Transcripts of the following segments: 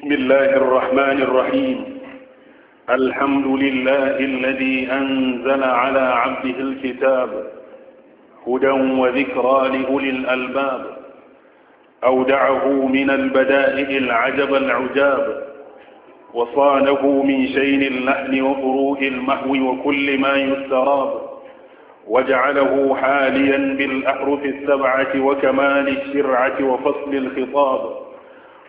بسم الله الرحمن الرحيم الحمد لله الذي أنزل على عبده الكتاب هدى وذكرى لأولي الألباب أودعه من البدائع العجب العجاب وصانه من شين اللحن وفروء المهو وكل ما يستراب وجعله حاليا بالأحرف السبعة وكمال الشرعة وفصل الخطاب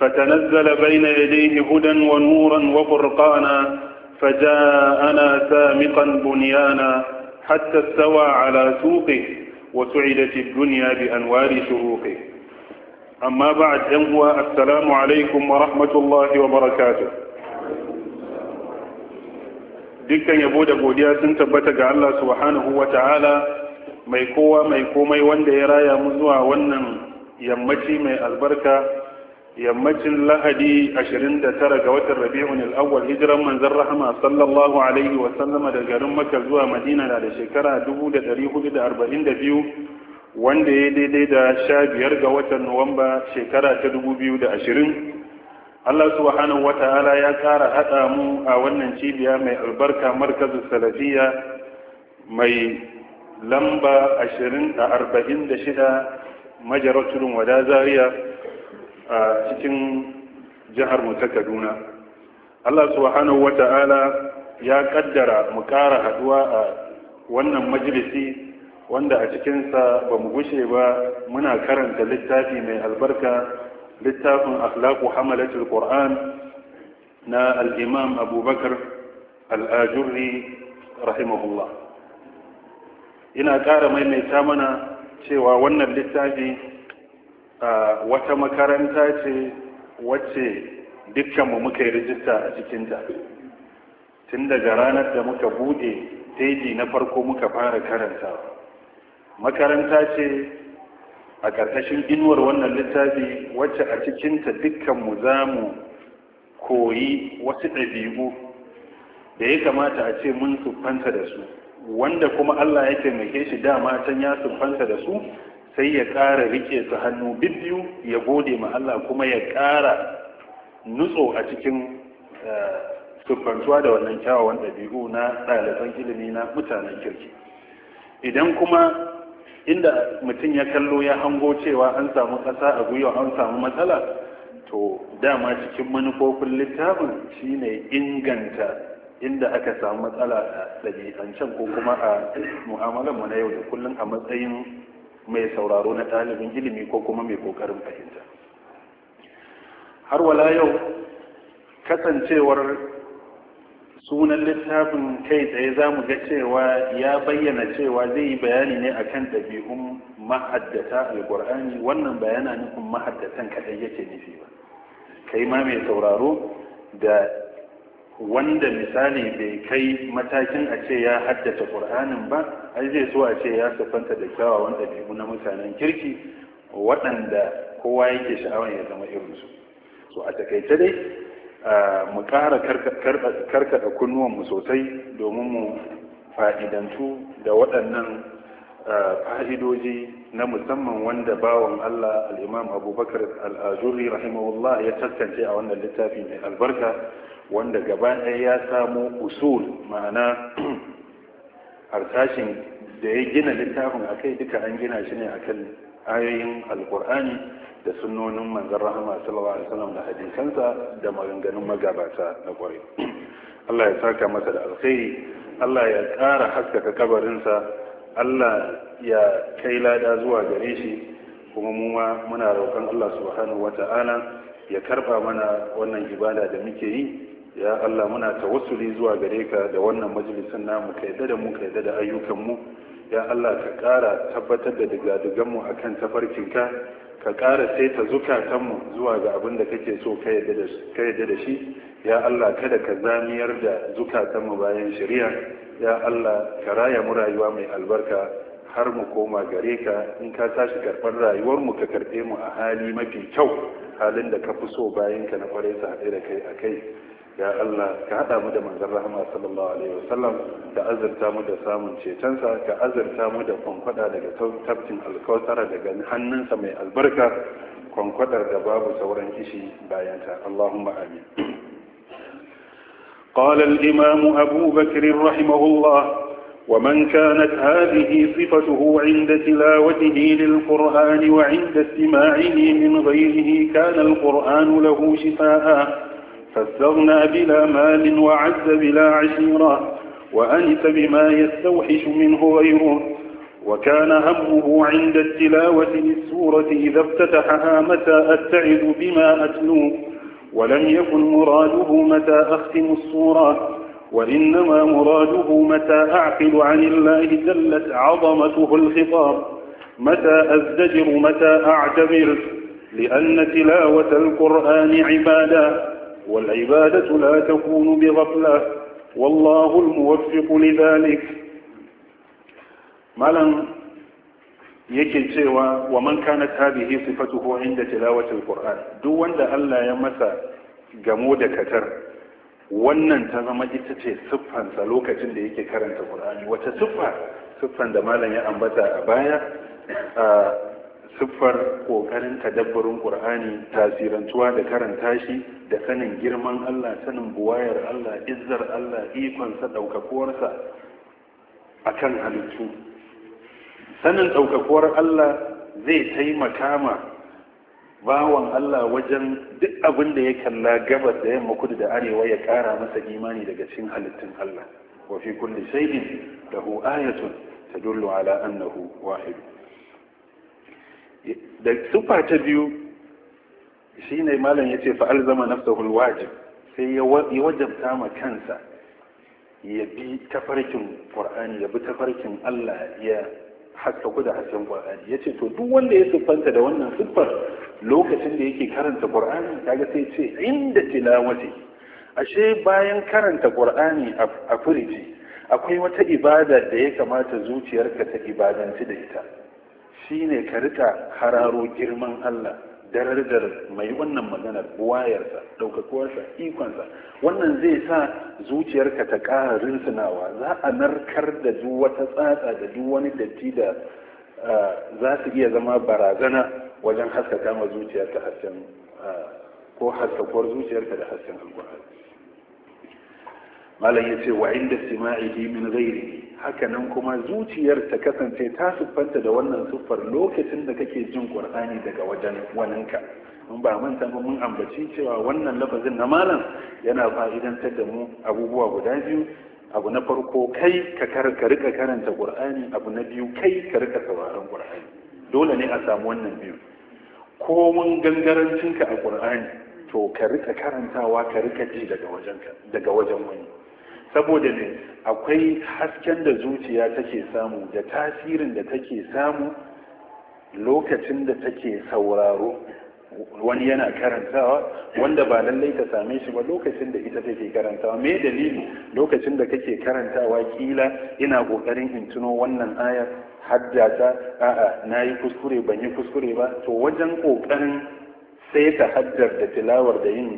فتنزل بين يديه هدى ونورا وفرقانا فجاءنا سامقا بنيانا حتى استوى على سوقه وسعدت الدنيا بأنوار شروقه أما بعد أمهى السلام عليكم ورحمة الله وبركاته dukkan yabo da godiya sun tabbata ga Allah subhanahu wa ta'ala mai kowa mai komai wanda ya raya mu zuwa wannan yammaci mai albarka yammacin lahadi 29 ga watan rabi'un al'awwal hijiran manzon rahama sallallahu alaihi wa sallama da garin makka zuwa madina da shekara 1442 wanda ya daidai da 15 ga watan nuwamba shekara ta 2020 Allah subhanahu wata'ala ya kara hada mu a wannan cibiya mai albarka markazin salafiya mai lamba 20 a 46 majarar wada zaria a cikin jihar mu ta Kaduna Allah subhanahu wata'ala ya kaddara mu ƙara haduwa a wannan majalisi wanda a cikinsa ba mu gushe ba muna karanta littafi mai albarka littafin akhlaqu hamalatul qur'an na al-imam abubakar al-ajurri rahimahullah ina ƙara maimaita mana cewa wannan littafi wata makaranta ce wacce dukkanmu muka yi rijista a cikinta tun daga ranar da muka bude teji na farko muka fara karanta makaranta ce a ƙarƙashin inuwar wannan littafi wacce a cikinta dukkanmu za mu koyi wasu ɗabi'u da ya kamata a ce mun siffanta da su wanda kuma allah ya taimake shi dama can ya siffanta da su sai ya ƙara rike su hannu biyu ya gode ma Allah kuma ya ƙara nutso a cikin eh, siffantuwa da wannan kyawawan ɗabi'u na ɗaliban ilimi na mutanen kirki idan kuma inda mutum ya kallo ya hango cewa an samu ƙasa a gwiwa an samu matsala to dama cikin manufofin littafin shine inganta inda aka samu matsala a ɗabi'ancen ko kuma a mu'amalar mu na yau da kullum a matsayin mai sauraro na ɗalibin ilimi ko kuma mai ƙoƙarin fahimta har wala yau kasancewar sunan littafin kai tsaye za mu ga cewa ya bayyana cewa zai yi bayani ne akan ɗabi'un mahaddata alƙur'ani wannan bayana nufin mahaddatan kaɗai yake nufi ba kai ma mai sauraro da wanda misali bai kai matakin a ce ya haddace ƙur'anin ba ai zai so a ce ya sufanta da kyawawan ɗabi'u na mutanen kirki waɗanda kowa yake sha'awar ya zama irinsu so a takaice dai mu ƙara karkaɗa kunnuwanmu sosai domin mu fa'idantu da waɗannan fa'idoji na musamman wanda bawan Allah al'imam abubakar al'ajuri rahimahullah ya tattance a wannan littafi mai albarka wanda gaba ɗaya ya samo usul ma'ana harsashin da ya gina littafin a kai duka an gina shi ne akan ayoyin alkur'ani da sunnonin manzan rahama salawa a salam da hadisansa da maganganun magabata na kwarai Allah ya saka masa da alkhairi Allah ya ƙara haskaka kabarinsa Allah ya kai lada zuwa gare shi kuma mu ma muna roƙon Allah subhanahu wata'ala ya karba mana wannan ibada da muke yi ya Allah muna tawassuli zuwa gare ka da wannan majalisin namu ka yadda da mu ka da da ayyukanmu ya Allah ka ƙara tabbatar da digadiganmu a kan tafarkinka ka ƙara saita zukatanmu zuwa ga abin da kake so ka yadda da shi ya Allah kada ka zamiyar da zukatanmu bayan shari'a ya Allah ka raya mu rayuwa mai albarka har mu koma gare ka in ka tashi karɓar mu ka karɓe mu a hali mafi kyau halin da ka fi so bayan ka na kwarai sa da kai a kai ya Allah ka haɗa mu da manzon rahama sallallahu alaihi wasallam ka azurta mu da samun cetonsa ka azurta mu da kwankwada daga tafkin alkautara daga hannunsa mai albarka kwankwadar da babu sauran kishi bayanta Allahumma amin قال الإمام أبو بكر رحمه الله ومن كانت هذه صفته عند تلاوته للقرآن وعند استماعه من غيره كان القرآن له شفاء فاستغنى بلا مال وعز بلا عشيرة وأنس بما يستوحش منه غيره وكان همه عند التلاوة للسورة إذا افتتحها متى أتعد بما أتلو ولم يكن مراده متى أختم الصورة وإنما مراده متى أعقل عن الله دلت عظمته الخطاب متى أزدجر متى أعتبر لأن تلاوة القرآن عبادة والعبادة لا تكون بغفلة والله الموفق لذلك مالا yake cewa wa man kanat da sifatuhu inda tilawati alquran duk wanda Allah ya masa gamo dakatar, wannan ta zama ita ce siffansa lokacin da yake karanta qur'ani wata siffa siffan da malam ya ambata a baya siffar ƙoƙarin tadabbarin ƙur'ani tasirantuwa da karanta shi da sanin girman Allah sanin buwayar Allah izzar Allah ikonsa ɗaukakuwarsa a kan halittu sanin ɗaukakuwar Allah zai taimaka ma bawan Allah wajen duk abin da ya kalla gabas da yamma kudu da arewa ya ƙara masa imani daga cikin halittun Allah wa fi kulli shay'in lahu ayatun tadullu ala annahu wahid da sufa ta biyu shi ne malam ya ce, fa alzama nafsahu wajib sai ya wajabta ma kansa ya bi tafarkin ƙwar'ani ya bi tafarkin Allah ya haska ku da hasken Ya ce to duk wanda ya siffanta da wannan siffar lokacin da yake karanta ta ga sai ce inda tilawati ashe bayan karanta ƙwar'ani a firiji, akwai wata ibada da ya kamata zuciyarka ta ibadanci da ita Shi ne ka rika hararo girman Allah darajar mai wannan maganar wayarsa ɗaukakuwarsa ikonsa wannan zai sa zuciyarka ta ƙara rinsunawa za a narkar da duk wata tsatsa da duk wani datti da ah, za su iya zama barazana wajen haskaka ma zuciyarka hasken ah, ko haskakuwar zuciyarka da hasken alkur'ani malam ce wa inda sima'ihi min ghairi hakanan kuma zuciyar ta kasance ta siffanta da wannan siffar lokacin da kake jin qur'ani daga wajen waninka mun ba manta ba mun ambaci cewa wannan lafazin na malam yana fa'idantar da mu abubuwa guda biyu abu na farko kai ka ka karanta qur'ani abu na biyu kai ka rika sauraron qur'ani dole ne a samu wannan biyu ko mun gangarancinka a qur'ani to ka rika karantawa ka rika ji daga wajenka daga wajen wani saboda ne akwai hasken da zuciya take samu da tasirin da take samu lokacin da take sauraro wani yana karantawa wanda ba lallai ta same shi ba lokacin da ita take karantawa me dalili lokacin da kake karantawa kila ina kokarin in tuno wannan ayar haddata a'a na yi kuskure ban yi kuskure ba to wajen kokarin sai ta haddar da tilawar da yin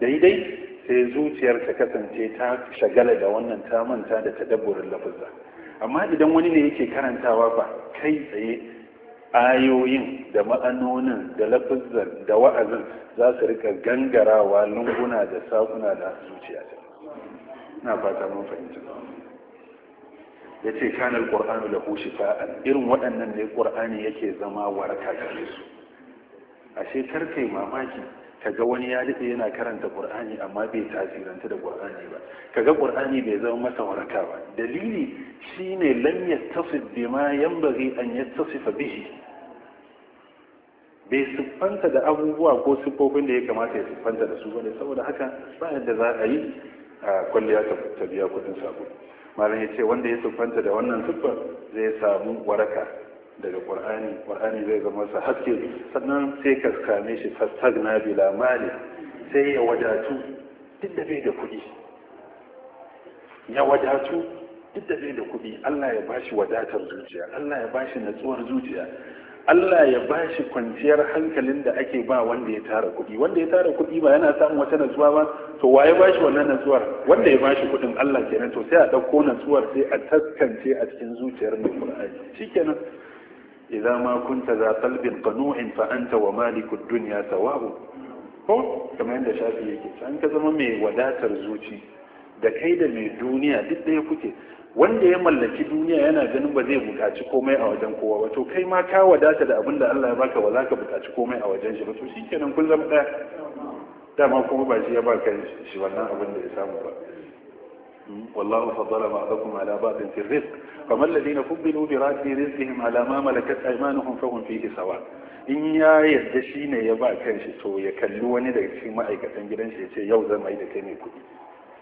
daidai sai zuciyar ta kasance ta shagala da wannan ta manta da tadabburin lafuzza amma idan wani ne yake karantawa ba kai tsaye ayoyin da ma'anonin da lafuzzar da wa'azin za su rika gangarawa lunguna da sakuna da zuciya ta na fata mun fahimta ya ce kanar ƙur'anu da hushi fa'an irin waɗannan ne ƙur'ani yake zama waraka gare su ashe karkai mamaki kaga wani ya daɗe yana karanta ƙur'ani amma bai tasiranta da qur'ani ba kaga ƙur'ani bai zama masa waraka ba dalili shine lam yattasif bima yanbaghi an tasifa bihi bai siffanta da abubuwa ko siffofin da ya kamata ya siffanta da su bane saboda haka ba yadda za a yi a kwalliya ta biya kuɗin sabo malam ya ce wanda ya siffanta da wannan siffar zai samu waraka daga ƙur'ani. Ƙur'ani zai zama sa haske sannan sai ka same shi na bila mali sai ya wadatu duk da bai da kuɗi ya wadatu duk da bai da kuɗi Allah ya bashi wadatar zuciya Allah ya bashi natsuwar zuciya Allah ya bashi kwanciyar hankalin da ake ba wanda ya tara kuɗi wanda ya tara kuɗi ba yana samun wata natsuwa ba to wa ya bashi wannan natsuwar wanda ya bashi kuɗin Allah kenan to sai a ɗauko natsuwar sai a taskance a cikin zuciyar mai ƙur'ani. shikenan إذا ما كنت ذا قلب قنوع فأنت ومالك الدنيا سواء ko كما عند shafi yake an ka zama mai wadatar zuci da kai da mai duniya duk ya kuke wanda ya mallaki duniya yana ganin ba zai bukaci komai a wajen kowa ba to kai ma ka wadata da abin da Allah ya baka ba za ka bukaci komai a wajen shi ba to shikenan kun zama ɗaya dama kuma ba shi ya baka shi wannan abin da ya samu ba والله فضل بعضكم على بعض في الرزق فما الذين فضلوا براد رزقهم على ما ملكت ايمانهم فهم فيه سواء in ya yarda shi ne ya ba kan shi so ya kalli wani daga cikin ma'aikatan gidan shi ya ce yau zan yi da kai ne kuɗi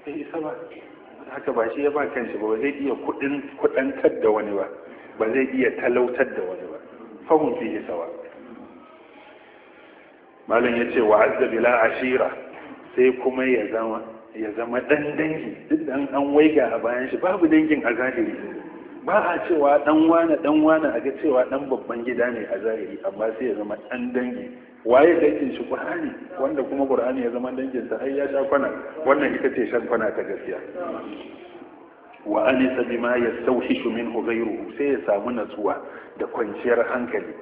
sai isa ba haka ba shi ya ba kan shi ba zai iya kuɗin kuɗantar da wani ba ba zai iya talautar da wani ba fahun fi sawa malam ya ce wa azza bila ashira sai kuma ya zama ya zama ɗan dangi duk da an waiga a bayan shi babu dangin a zahiri ba a cewa ɗan wane ɗan wane a ga cewa ɗan babban gida ne a zahiri amma sai ya zama ɗan dangi waye dangin shi wanda kuma ƙur'ani ya zama dangin sa ai ya sha kwana wannan ita ce shan kwana ta gaskiya wa anisa bima yastawhishu minhu ghayruhu sai ya samu natsuwa da kwanciyar hankali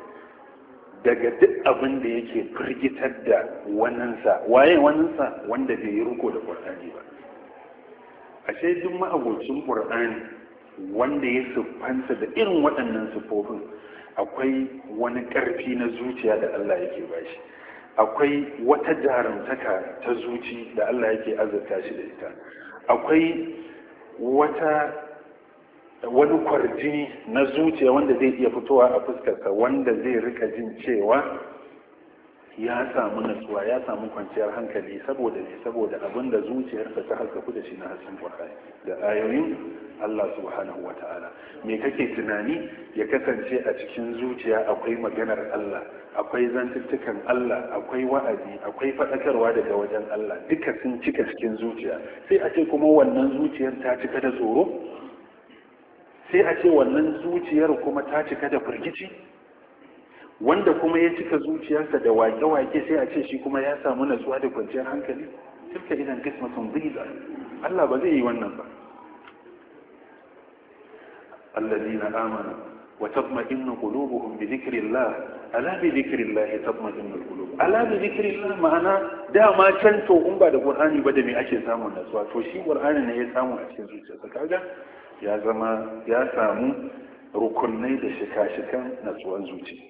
daga duk abin da yake firgitar da waninsa waye waninsa wanda bai yi riko da ƙwarɗani ba ashe duk ma'abocin ƙur'ani wanda ya siffansa da irin waɗannan siffofin akwai wani ƙarfi na zuciya da Allah yake bashi akwai wata jarumtaka ta zuci da Allah yake azurta shi da ita akwai wata wani kwarjini na zuciya wanda zai iya fitowa a fuskarsa wanda zai rika jin cewa ya samu natsuwa ya samu kwanciyar hankali saboda ne saboda abin da zuciyarsa ta haskaku da shi na hasken kwarai da ayoyin Allah subhanahu wa ta'ala me kake tunani ya kasance a cikin zuciya akwai maganar Allah akwai zantuttukan Allah akwai wa'azi akwai faɗakarwa daga wajen Allah duka sun cika cikin zuciya sai a ce kuma wannan zuciyar ta cika da tsoro sai a ce wannan zuciyar kuma ta cika da firgici wanda kuma ya cika zuciyarsa da wake-wake sai a ce shi kuma ya samu natsuwa da kwanciyar hankali tilka idan kismatun biza Allah ba zai yi wannan ba allazina amanu wa tatma'innu qulubuhum bi dhikrillah ala bi dhikrillah tatma'innul qulub ala bi dhikrillah ma'ana dama can to in ba da qur'ani ba da me ake samun natsuwa to shi qur'ani ne ya samu a cikin zuciyarsa kaga Ya zama ya samu rukunai da shika-shikan nutsuwan zuci.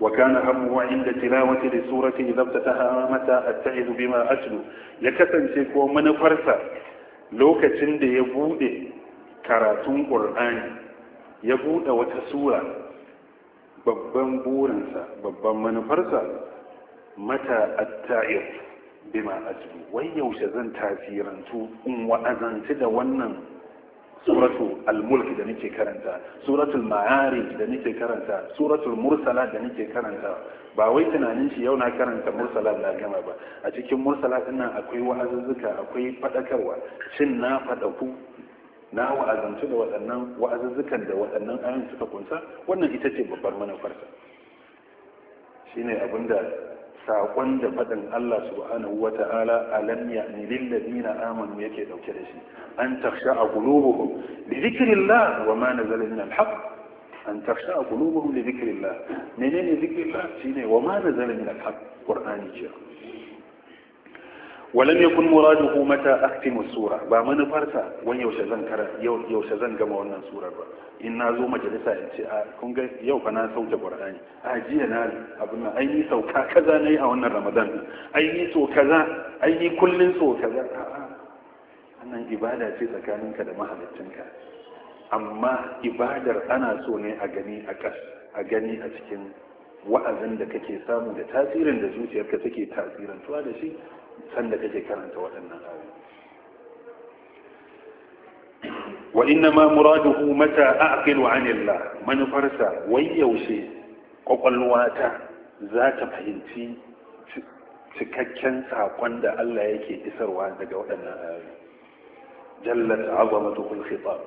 Waƙa na amfani da cewa wata risorata yi lafta ta hawa mata atta'ir biyu ma asibiti ya kasance kuma manufarsa lokacin da ya bude karatun Kur'ani, ya buɗe wata sura babban burinsa, babban manufarsa mata atta'ir biyu ma asibiti. Wai yaushe zan tasiranta in wa'azanci da wannan? suratu al-mulk da nake karanta suratul mayari da nake karanta suratul mursala da nake karanta ba wai tunanin shi yau na karanta mursala na gama ba a cikin mursala din nan akwai wa'azuzzuka akwai fadakarwa shin na fadaku na wa'azantu da waɗannan wa'azuzzukan da waɗannan ayoyin suka kunsa wannan ita ce babbar manufarsa shine abinda saƙon da faɗin Allah subhanahu wa ta'ala alam ya ni lillazina amanu yake dauke da shi an takhsha qulubuhum li dhikrillah wa ma nazala min al-haqq an takhsha qulubuhum li dhikrillah menene dhikrillah shine wa ma nazala min al-haqq qur'ani ce walam yakun muraduhu mata aktimu sura ba manufarsa wani yaushe zan gama wannan surar ba in na zo majalisa in ce a kun ga yau fa na sauke qur'ani a jiya na abin nan ai ni sauka kaza nayi a wannan ramadan ai ni so kaza ai ni kullun so kaza wannan ibada ce tsakaninka da mahaliccinka amma ibadar ana so ne a gani a kas a gani a cikin wa'azin da kake samu da tasirin da zuciyarka take tasirantuwa da shi sanda kake karanta waɗannan ayoyi wa inna muraduhu mata a'qilu 'an Allah manufarsa wai yaushe kwakwalwata za ta fahimci cikakken saƙon da Allah yake isarwa daga waɗannan ayoyi jallat azamatu khitab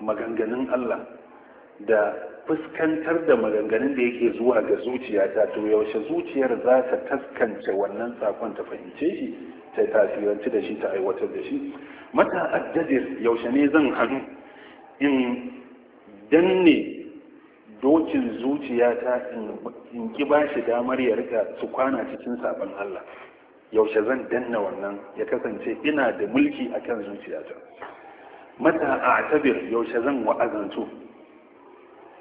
maganganun Allah da fuskantar da maganganun da yake zuwa ga zuciyata to yaushe zuciyar za ta taskance wannan sakon ta fahimce shi ta tasiranci da shi ta aiwatar da shi mata addadir yaushe ne zan hannu in danne dokin zuciyata in ki ba shi damar ya rika su kwana cikin sabon Allah yaushe zan danna wannan ya kasance ina da mulki akan zuciyata mata a yaushe zan wa'azantu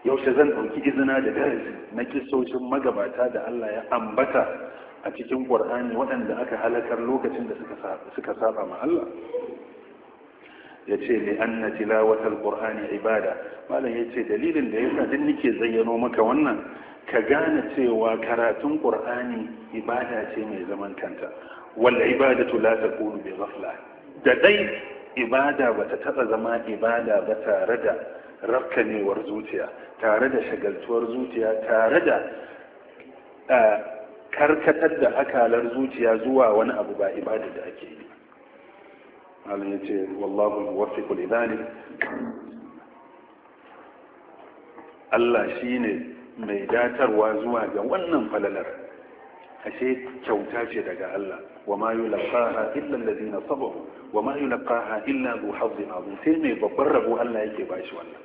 yaushe zan ɗauki izina da darasi na kisoshin magabata da Allah ya ambata a cikin ƙwar'ani waɗanda aka halakar lokacin da suka saba ma Allah ya ce mai an na tilawatar ƙwar'ani ibada malam ya ce dalilin da ya sa duk nike zayyano maka wannan ka gane cewa karatun ƙwar'ani ibada ce mai zaman kanta wanda ibada la ta ƙunu bai ghafla da dai ibada ba ta taɓa zama ibada ba tare da rafkanewar zuciya tare da shagaltuwar zuciya tare da karkatar da akalar zuciya zuwa wani abu ba ibada da ake yi malam ya ce wallahu muwaffiqu li dhalik Allah shine mai datarwa zuwa ga wannan falalar ashe kyauta ce daga Allah wa ma yulqaha illa alladhina sabaru wa ma yulqaha illa dhu hazzin azim sai mai babbar rabo Allah yake bashi wannan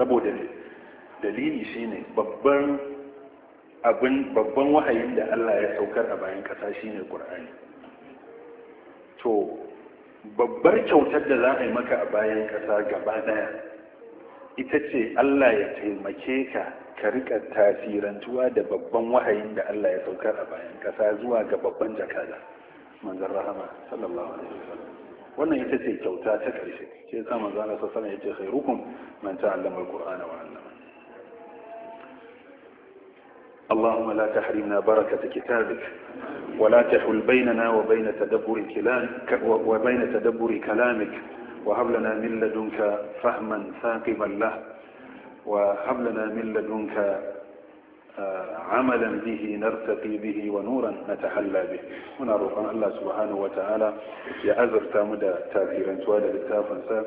saboda dalili shine babban abin babban wahayin da Allah ya saukar a bayan kasa shine ƙur'ani to babbar kyautar da za a yi maka a bayan kasa gaba daya ita ce Allah ya taimake ka ka rika tasirantuwa da babban wahayin da Allah ya saukar a bayan kasa zuwa ga babban jakada manzon rahama sallallahu alaihi wasallam wannan ita ce kyauta ta ƙarshe ke sa manzana sa sana yace khairukum man ta'allama alqur'ana wa 'allama اللهم لا تحرمنا بركة كتابك ولا تحل بيننا وبين تدبر كلامك وبين تدبر كلامك وهب لنا من لدنك فهما ثاقبا له وهب لنا من لدنك A عملا به نرتقي به ونورا نتحلى به هنا روحان الله سبحانه ya azurta mu da تاثيرا da littafinsa,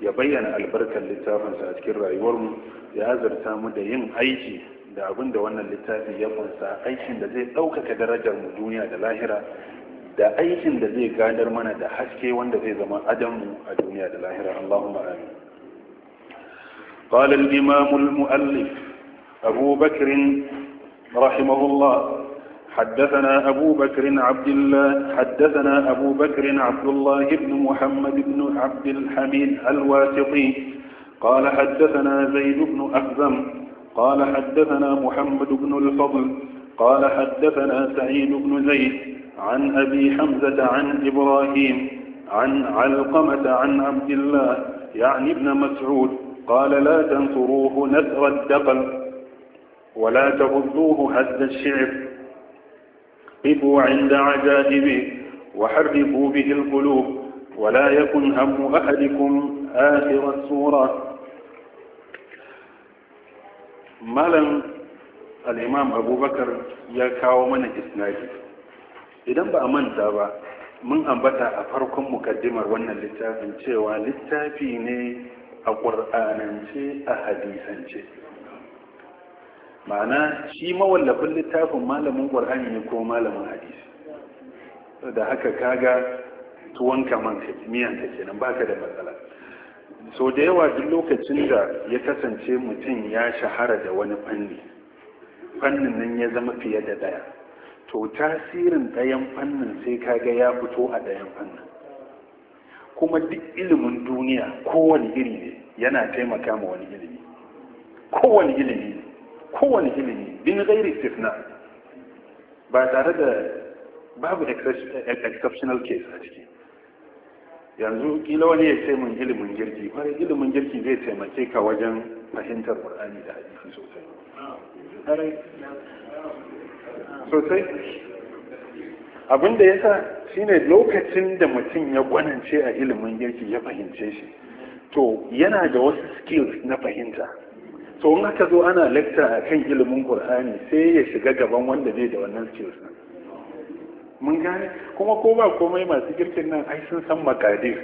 ya bayyana albarkar littafinsa a cikin rayuwarmu ya azurta mu da yin aiki da abinda wannan littafi ya kunsa aikin da zai ɗaukaka darajar mu duniya da lahira da aikin da zai gadar mana da haske wanda zai zama mu a duniya da lahira Allahumma amin qala al-imam muallif أبو بكر رحمه الله حدثنا أبو بكر عبد الله حدثنا أبو بكر عبد الله بن محمد بن عبد الحميد الواسطي قال حدثنا زيد بن أخزم قال حدثنا محمد بن الفضل قال حدثنا سعيد بن زيد عن أبي حمزة عن إبراهيم عن علقمة عن عبد الله يعني ابن مسعود قال لا تنصروه نثر الدقل ولا تغضوه هز الشعر قفوا عند عجائبه وحرقوا به القلوب ولا يكن هم أحدكم آخر الصورة مالا الإمام أبو بكر يكاو من إذا إذن بأمان دابا من أنبتا أفرق مكدمة وانا اللتافين شيء واللتافين أقرآنا شيء أحديثا شيء ma'ana shi mawallafin littafin malamin ƙwar'ani ne ko malamin hadisi da haka kaga tuwon kaman miyan ta kenan baka da matsala so da yawa duk lokacin da ya kasance mutum ya shahara da wani fanni fannin nan ya zama fiye da daya to tasirin ɗayan fannin sai kaga ya fito a ɗayan fannin kuma duk ilimin duniya kowane iri ne yana taimaka ma wani ilimi kowane ilimi kowane ilimi bin gairi istifna ba tare da babu exceptional case a ciki yanzu kila wani ya ce mun ilimin girki kwarai ilimin girki zai taimake ka wajen fahimtar qur'ani da hadisi sosai sosai abin da ya sa shine lokacin da mutum ya gwanance a ilimin girki ya fahimce shi to yana da wasu skills na fahimta to in aka zo ana lecture a kan ilimin qur'ani sai ya shiga gaban wanda bai da wannan skills mun gane kuma ko ba komai masu girkin nan ai sun san makadir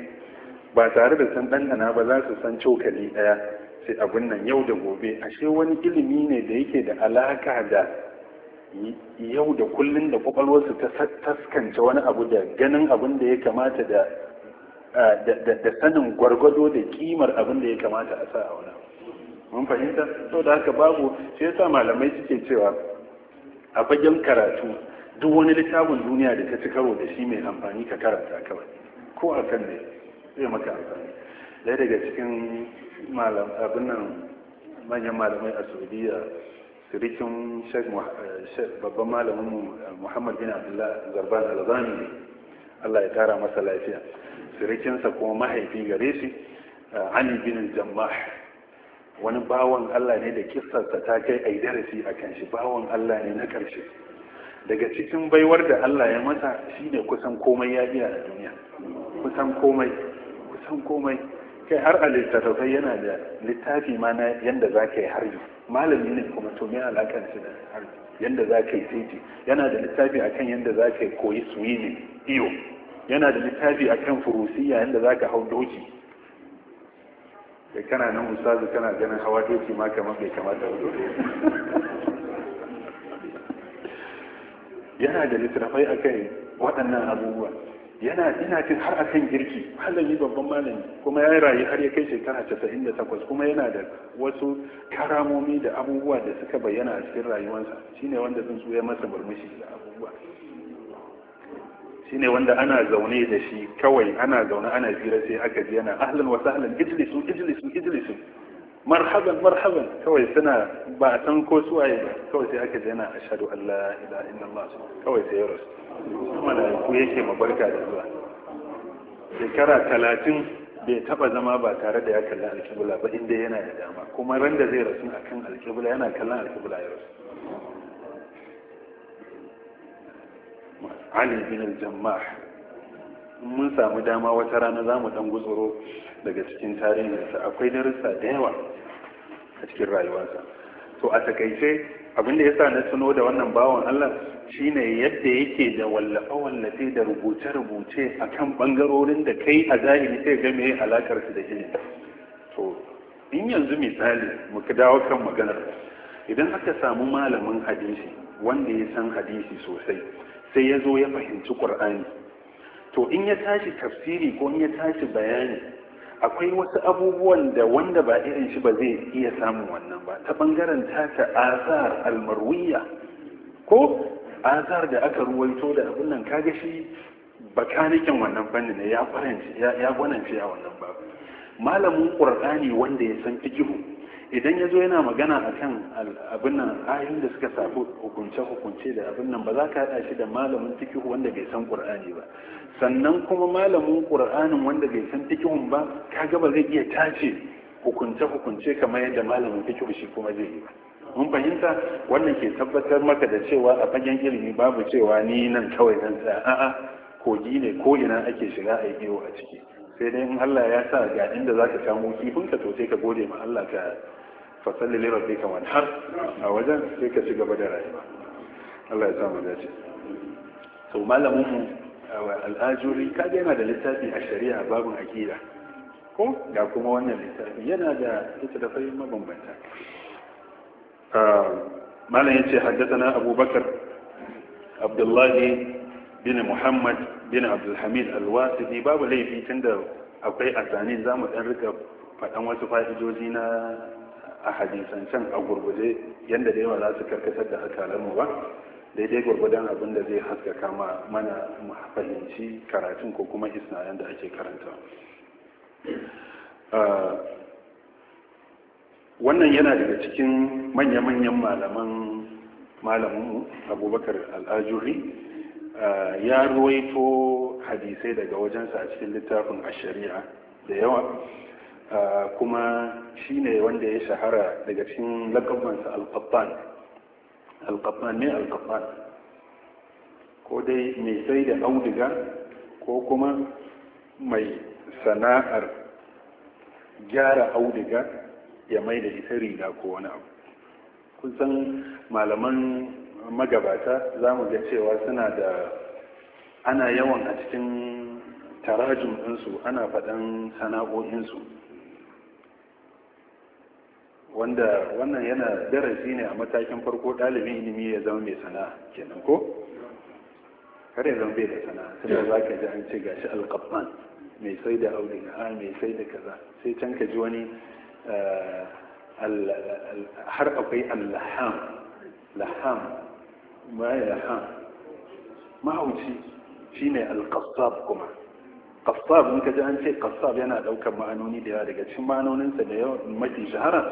ba tare da san ɗanɗana ba za su san cokali ɗaya sai abin nan yau da gobe ashe wani ilimi ne da yake da alaka da yau da kullun da kwakwalwarsu ta taskance wani abu da ganin abin da ya kamata da sanin gwargwado da kimar abin da ya kamata a sa a wani mun fahimta to da haka babu sai yasa malamai suke cewa a fagen karatu duk wani littafin duniya da ka ci karo da shi mai amfani ka karanta kawai ko a kan ne zai maka amfani ɗaya daga cikin malam abin nan manyan malamai a saudiya sirikin eh, babban malamin eh, muhammad bin abdullah zarban alzani ne allah ya tara masa lafiya sirikinsa kuma mahaifi gare shi eh, ali bin jammah wani bawan Allah ne da kissarsa ta kai ai darasi a kan shi bawan Allah ne na ƙarshe daga cikin baiwar da Allah ya mata shine kusan komai ya iya a duniya kusan komai kusan komai kai har a littattafai yana da littafi ma na za ka yi harbi malami ne kuma to me alakan shi da harbi yadda za ka yi saiti yana da littafi akan yadda za ka koyi suyi ne iyo yana da littafi akan furusiya yadda za ka hau doki kai eh, kana nan ustazu kana ganin hawa doki ma kamar bai kamata ba yana da a kai waɗannan abubuwa yana ina cin har kan girki malami babban malami kuma ya rayu har ya kai shekara casa'in da takwas kuma yana da wasu karamomi da abubuwa da suka bayyana a cikin rayuwarsa shine wanda zan so ya masa murmushi da abubuwa shine wanda ana zaune da shi kawai ana zaune ana zira sai aka ji yana ahlan wa sahlan ijlisu ijlisu ijlisu marhaban marhaban kawai suna ba a san ko su ba kawai sai aka ji yana ashhadu an la ilaha illallah kawai sai ya rasu malaiku yake mabarka da zuwa shekara talatin bai taba zama ba tare da ya kalli alkibla ba inda yana da dama kuma ran da zai rasu akan alkibla yana kallon alkibla ya rasu ali bin al-jammah mun samu dama wata rana za mu dan gutsuro daga cikin tarihinsa akwai darussa da yawa a cikin rayuwarsa to a takaice abin da yasa na tuno da wannan bawan Allah shine yadda yake da wallafa wallafe da rubuce rubuce akan bangarorin da kai a zahiri sai ga me alakar su da ilimi to in yanzu misali mu ka dawo kan maganar idan aka samu malamin hadisi wanda ya san hadisi sosai sai ya zo ya fahimci ƙur'ani to in ya tashi tafsiri ko in ya tashi bayani akwai wasu abubuwan da wanda ba irin shi ba zai iya samun wannan ba ta ɓangaren tata azar almarwiya ko azar da aka ruwaito da abin nan kaga shi bakanikin wannan fannin ya shi a wannan ba malamin ƙur'ani wanda ya san fikihu idan ya zo yana magana a kan abin nan ayin da suka sabu hukunce-hukunce da abin nan ba za ka haɗa shi da malamin tikihu wanda bai san ƙur'ani ba sannan kuma malamin ƙur'anin wanda bai san fikihun ba kaga ba zai iya tace hukunce-hukunce kamar yadda malamin tikihu shi kuma zai yi ba mun fahimta wannan ke tabbatar maka da cewa a fagen ilimi babu cewa ni nan kawai zan tsaya a'a kogi ne ko ina ake shiga a yi a ciki sai dai in Allah ya sa ga inda za ka kifin kifinka to sai ka gode ma Allah ka fasalli lera bai ka har a wajen sai ka ci gaba da rayuwa Allah ya samu dace to malamin mu al'ajuri ka yana da littafi a shari'a babun akida ko ga kuma wannan littafi yana da ita da fahim mabambanta malam yace haddathana abubakar abdullahi bin muhammad bin abdulhamid alwasidi babu laifi tun da akwai asanin mu ɗan rika faɗan wasu fa'idoji na a can a gurguje yadda da yawa za su karkatar da hakalarmu ba daidai gurgudan abin da zai haskaka mana fahimci karatun ko kuma isnayen da ake karanta ah, wannan yana daga cikin manya-manyan malaman malaminmu abubakar al'ajuri ah, ya ruwaito hadisai daga wajensa a cikin littafin a shari'a da yawa kuma shi ne wanda ya shahara daga cikin lakabansa alkafan alkafan ne alkafan ko dai mai sai da auduga ko kuma mai sana'ar gyara auduga ya mai da ita riga ko wani abu kusan malaman magabata za mu ga cewa suna da ana yawan a cikin tarajin ɗinsu ana faɗan sana'o'insu wanda wannan yana darasi ne a matakin farko ɗalibin ilimi ya zama mai sana'a kenan ko kar ya zama bai da sana'a tunda za ka ji an ce gashi alƙabban mai sai da auduga a mai sai da kaza sai can ka ji wani eh, har akwai allaham laham ma laham ne shine alƙasab kuma qassab in ka ji an ce qassab yana daukar ma'anoni da yawa daga cikin ma'anoninsa da yawa mafi shahara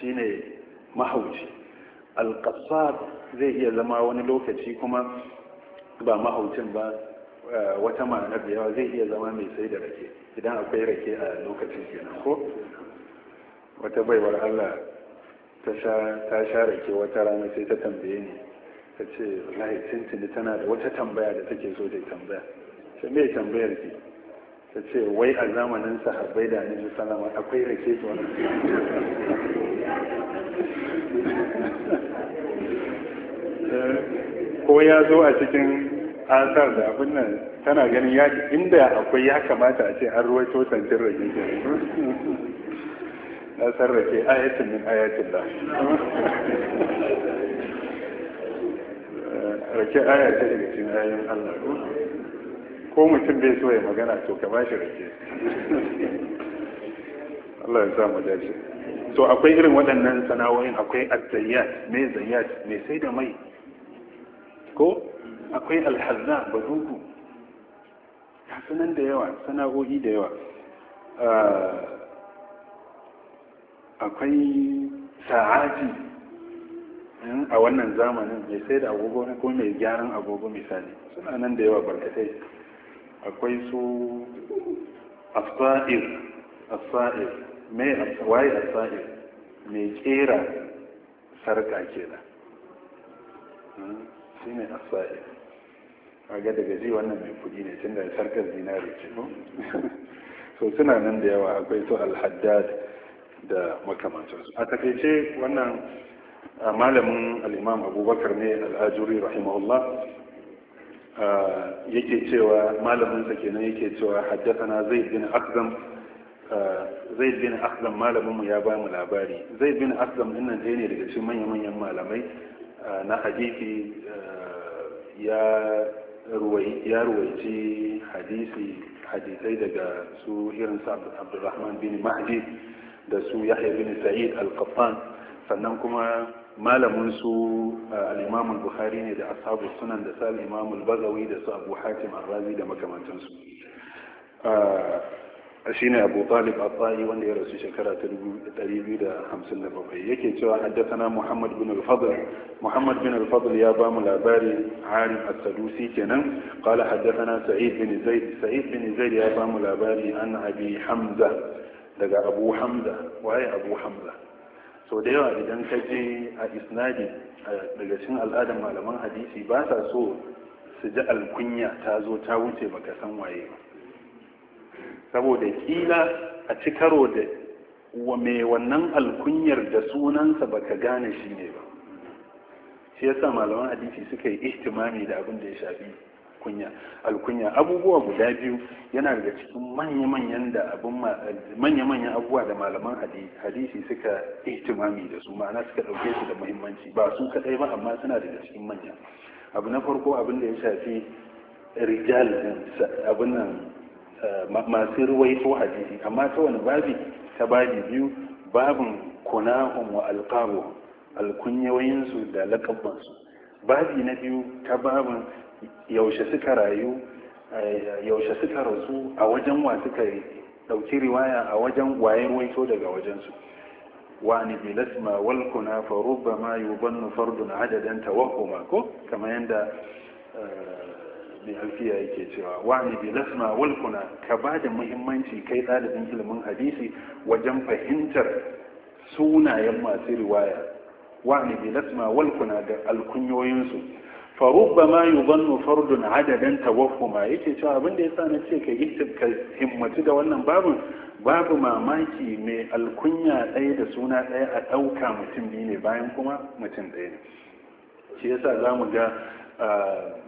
shine mahauci alqassab zai iya zama wani lokaci kuma ba mahaucin ba eh, wata ma'anar da yawa zai iya zama mai sai da rake idan akwai rake a lokacin kenan ko wata baiwar Allah ta sha rake wata rana sai ta tambaye ni ta ce wallahi tintini tana da wata tambaya da take so ta tambaya sai me tambayar ki ta ce wai a zamanin sahabbai da su salama akwai rake to ko ya zo a cikin asar da abin nan tana ganin ya inda akwai ya kamata a ce an ruwaito tantin rake ke na san rake min ayatun da rake ayatun daga cikin ayatun Allah ko mutum bai so ya magana to ka ba shi rake Allah ya samu dace to akwai irin waɗannan sana'o'in akwai azzayyat mai zayyat me sai da mai ko akwai alhazza badugu sanan da yawa sana'o'i da yawa ah, akwai sa'aji hmm, a wannan zamanin mai sai da agogo ko mai gyaran agogo misali suna nan da yawa barkatai akwai su asa'ir asa'ir mai waye asa'ir mai kera sarka da hmm, shi ne asa'ir kaga daga ji wannan mai kudi ne tun da sarkar zinari ce no so suna nan da yawa akwai su alhaddad da makamantarsu. a takaice wannan malamin al'imam abubakar ne al'ajuri rahimahullah yake cewa malaminsa kenan yake cewa haddasana zai bin akzam zai bin akzam malaminmu ya ba mu labari zai bin akzam din nan ne daga cikin manya-manyan malamai na hadisi ya ruwaici hadisi hadisai daga su irin sa bin mahdi da su yahya bin sa'id al-qattan sannan kuma malamin su eh, al-imam bukhari ne da ashabu sunan da sal imam al-bazawi da su abu hatim ar-razi da makamantansu eh, shine abu talib al-ta'i wanda ya rasu shekara ta 257 yake cewa haddathana muhammad bin al-fadl muhammad bin al-fadl ya ba mu labari arim as-sadusi kenan qala haddathana sa'id bin zaid sa'id bin zaid ya ba mu labari an abi hamza daga abu hamza waye abu hamza Sau da yawa idan ka je a isnadi daga cikin al'adar malaman hadisi ba sa so su ji alkunya ta zo ta wuce baka san waye ba saboda kila a ci karo da wa mai wannan alkunyar da sunansa baka gane shi ne ba shi yasa malaman hadisi suka yi ihtimami da abin da ya shafi alkunya alkunya abubuwa guda biyu yana daga cikin manya-manyan da abin manya-manyan abubuwa da malaman hadisi suka ihtimami da su ma'ana suka ɗauke su da muhimmanci ba su kadai ba amma suna daga cikin manya abu na farko abin da ya shafi rijal abin nan eh, masu ruwaito hadisi amma ta wani babi ta babi biyu babin kunahun wa alqabu da lakabansu babi na biyu ta babin yaushe suka rayu eh, yaushe suka rasu a wajen wa suka dauki riwaya a wajen waye ruwaito daga wajensu wani bilasma wal kuna fa rubbama yubannu fardun adadan tawahuma ko kamar yanda bi eh, alfiya yake cewa wani bilasma wal kuna ka ba da muhimmanci kai ɗalibin ilimin hadisi wajen fahimtar sunayen masu riwaya wani bilasma wal kuna da alkunyoyinsu farubba ma yi yubannu fardun adadan tawaffuma yake cewa abin da yasa na ce ka yi ka himmatu da wannan babin babu mamaki mai alkunya ɗaya da suna ɗaya a ɗauka mutum biyu ne bayan kuma mutum ɗaya ne shi sa za mu ga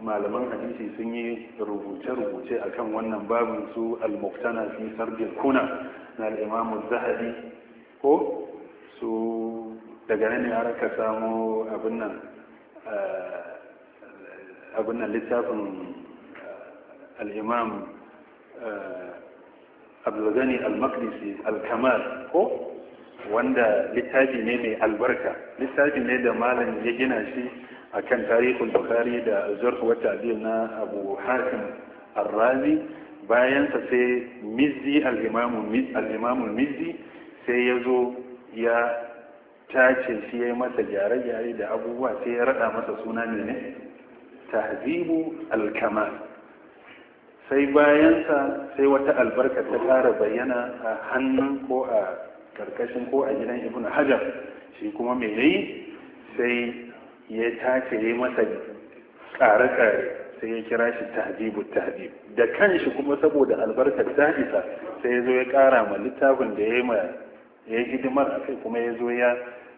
malaman hadisi sun yi rubuce-rubuce a kan wannan babin su al muktana fi sarbil kuna na al'imamu imam ko su daga nan ya raka samu abin nan abin nan littafin eh, al'imam eh, abdulgani al-maqdisi al-kamal ko wanda littafi ne mai albarka littafi ne da malam ya gina shi akan tarihul bukhari da zarf wata ta'dil na abu hakim ar-razi bayan sa sai mizzi al'imamun imamu al-imamu mizzi sai ya tace shi yi masa gyare-gyare da abubuwa sai ya rada masa suna ne tahzibu alkama sai sai bayansa sai wata albarka ta ƙara bayyana a hannun ko a karkashin ko a gidan ibn hajar shi kuma mai yayi sai ya tace yi masa ƙare-ƙare sai ya kira shi tahdibu tahdib da kanshi kuma saboda albarkar ta isa sai ya zo ya kara ma littafin da ya yi ma ya yi hidimar a kai kuma ya zo ya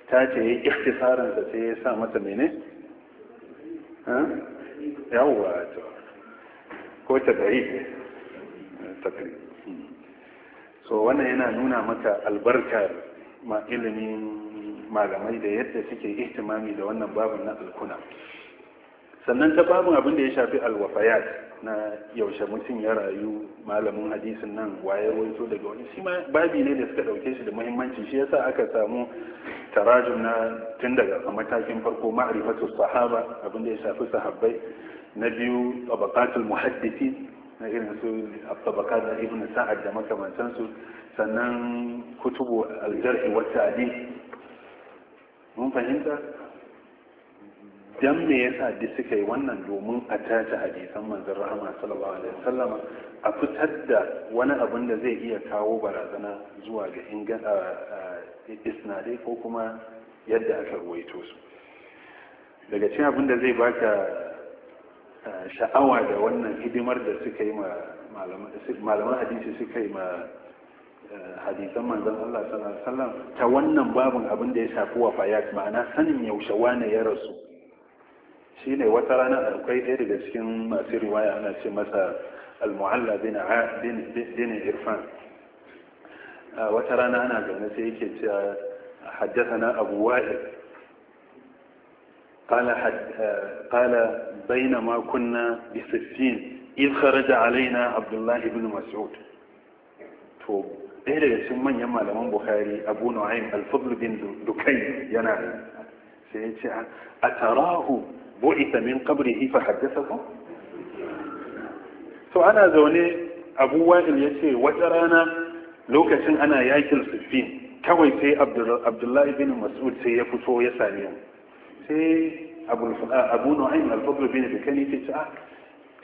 tace ya yi iftisarinsa sai ya sa masa mene? yawwa to ko so wannan yana nuna maka albarkar ma ilimin malamai da yadda suke ihtimami da wannan babin na alkuna sannan ta babin abin da ya shafi alwafayat na yaushe mutum ya rayu malamin hadisin nan wayar rawaito daga wani shi babi ne da suka dauke shi da muhimmanci shi yasa aka samu tarajun na tun daga matakin farko ma'rifatu sahaba abinda ya shafi sahabbai na biyu tabaqatul muhaddisi na irin su tabaqat da ibnu sa'ad da makamantan sannan kutubu al-jarh wa mun fahimta dan me yasa duk suka yi wannan domin a tace hadisan manzon rahama sallallahu alaihi wasallam a fitar da wani abin da zai iya kawo barazana zuwa ga isnadai ko kuma yadda aka ruwaito su daga cikin abin da zai baka sha'awa da wannan hidimar da suka yi malaman hadisi suka yi ma hadisan manzon Allah sallallahu alaihi wasallam ta wannan babin abin da ya shafi wafayat ma'ana sanin yaushe wane ya rasu shine wata rana akwai ɗaya daga cikin masu riwaya ana ce masa almu'alla mualla bin irfan wata rana ana zaune sai yake cewa حدثنا أبو وائل قال, حد قال ma kunna bi إذ خرج kharaja alaina abdullahi bin mas'ud to ɗaya daga cikin manyan malaman bukhari abu nu'aym al-fadl bin dukai yana sai ya ce a tarahu bu'itha min qabrihi fa haddathakum to ana zaune abu wa'il ce wata rana lokacin ana yakin siffin kawai sai abdullahi bin mas'ud sai ya fito ya sami sai abu nu'ayn al-fadl bin bikani ce ta ah,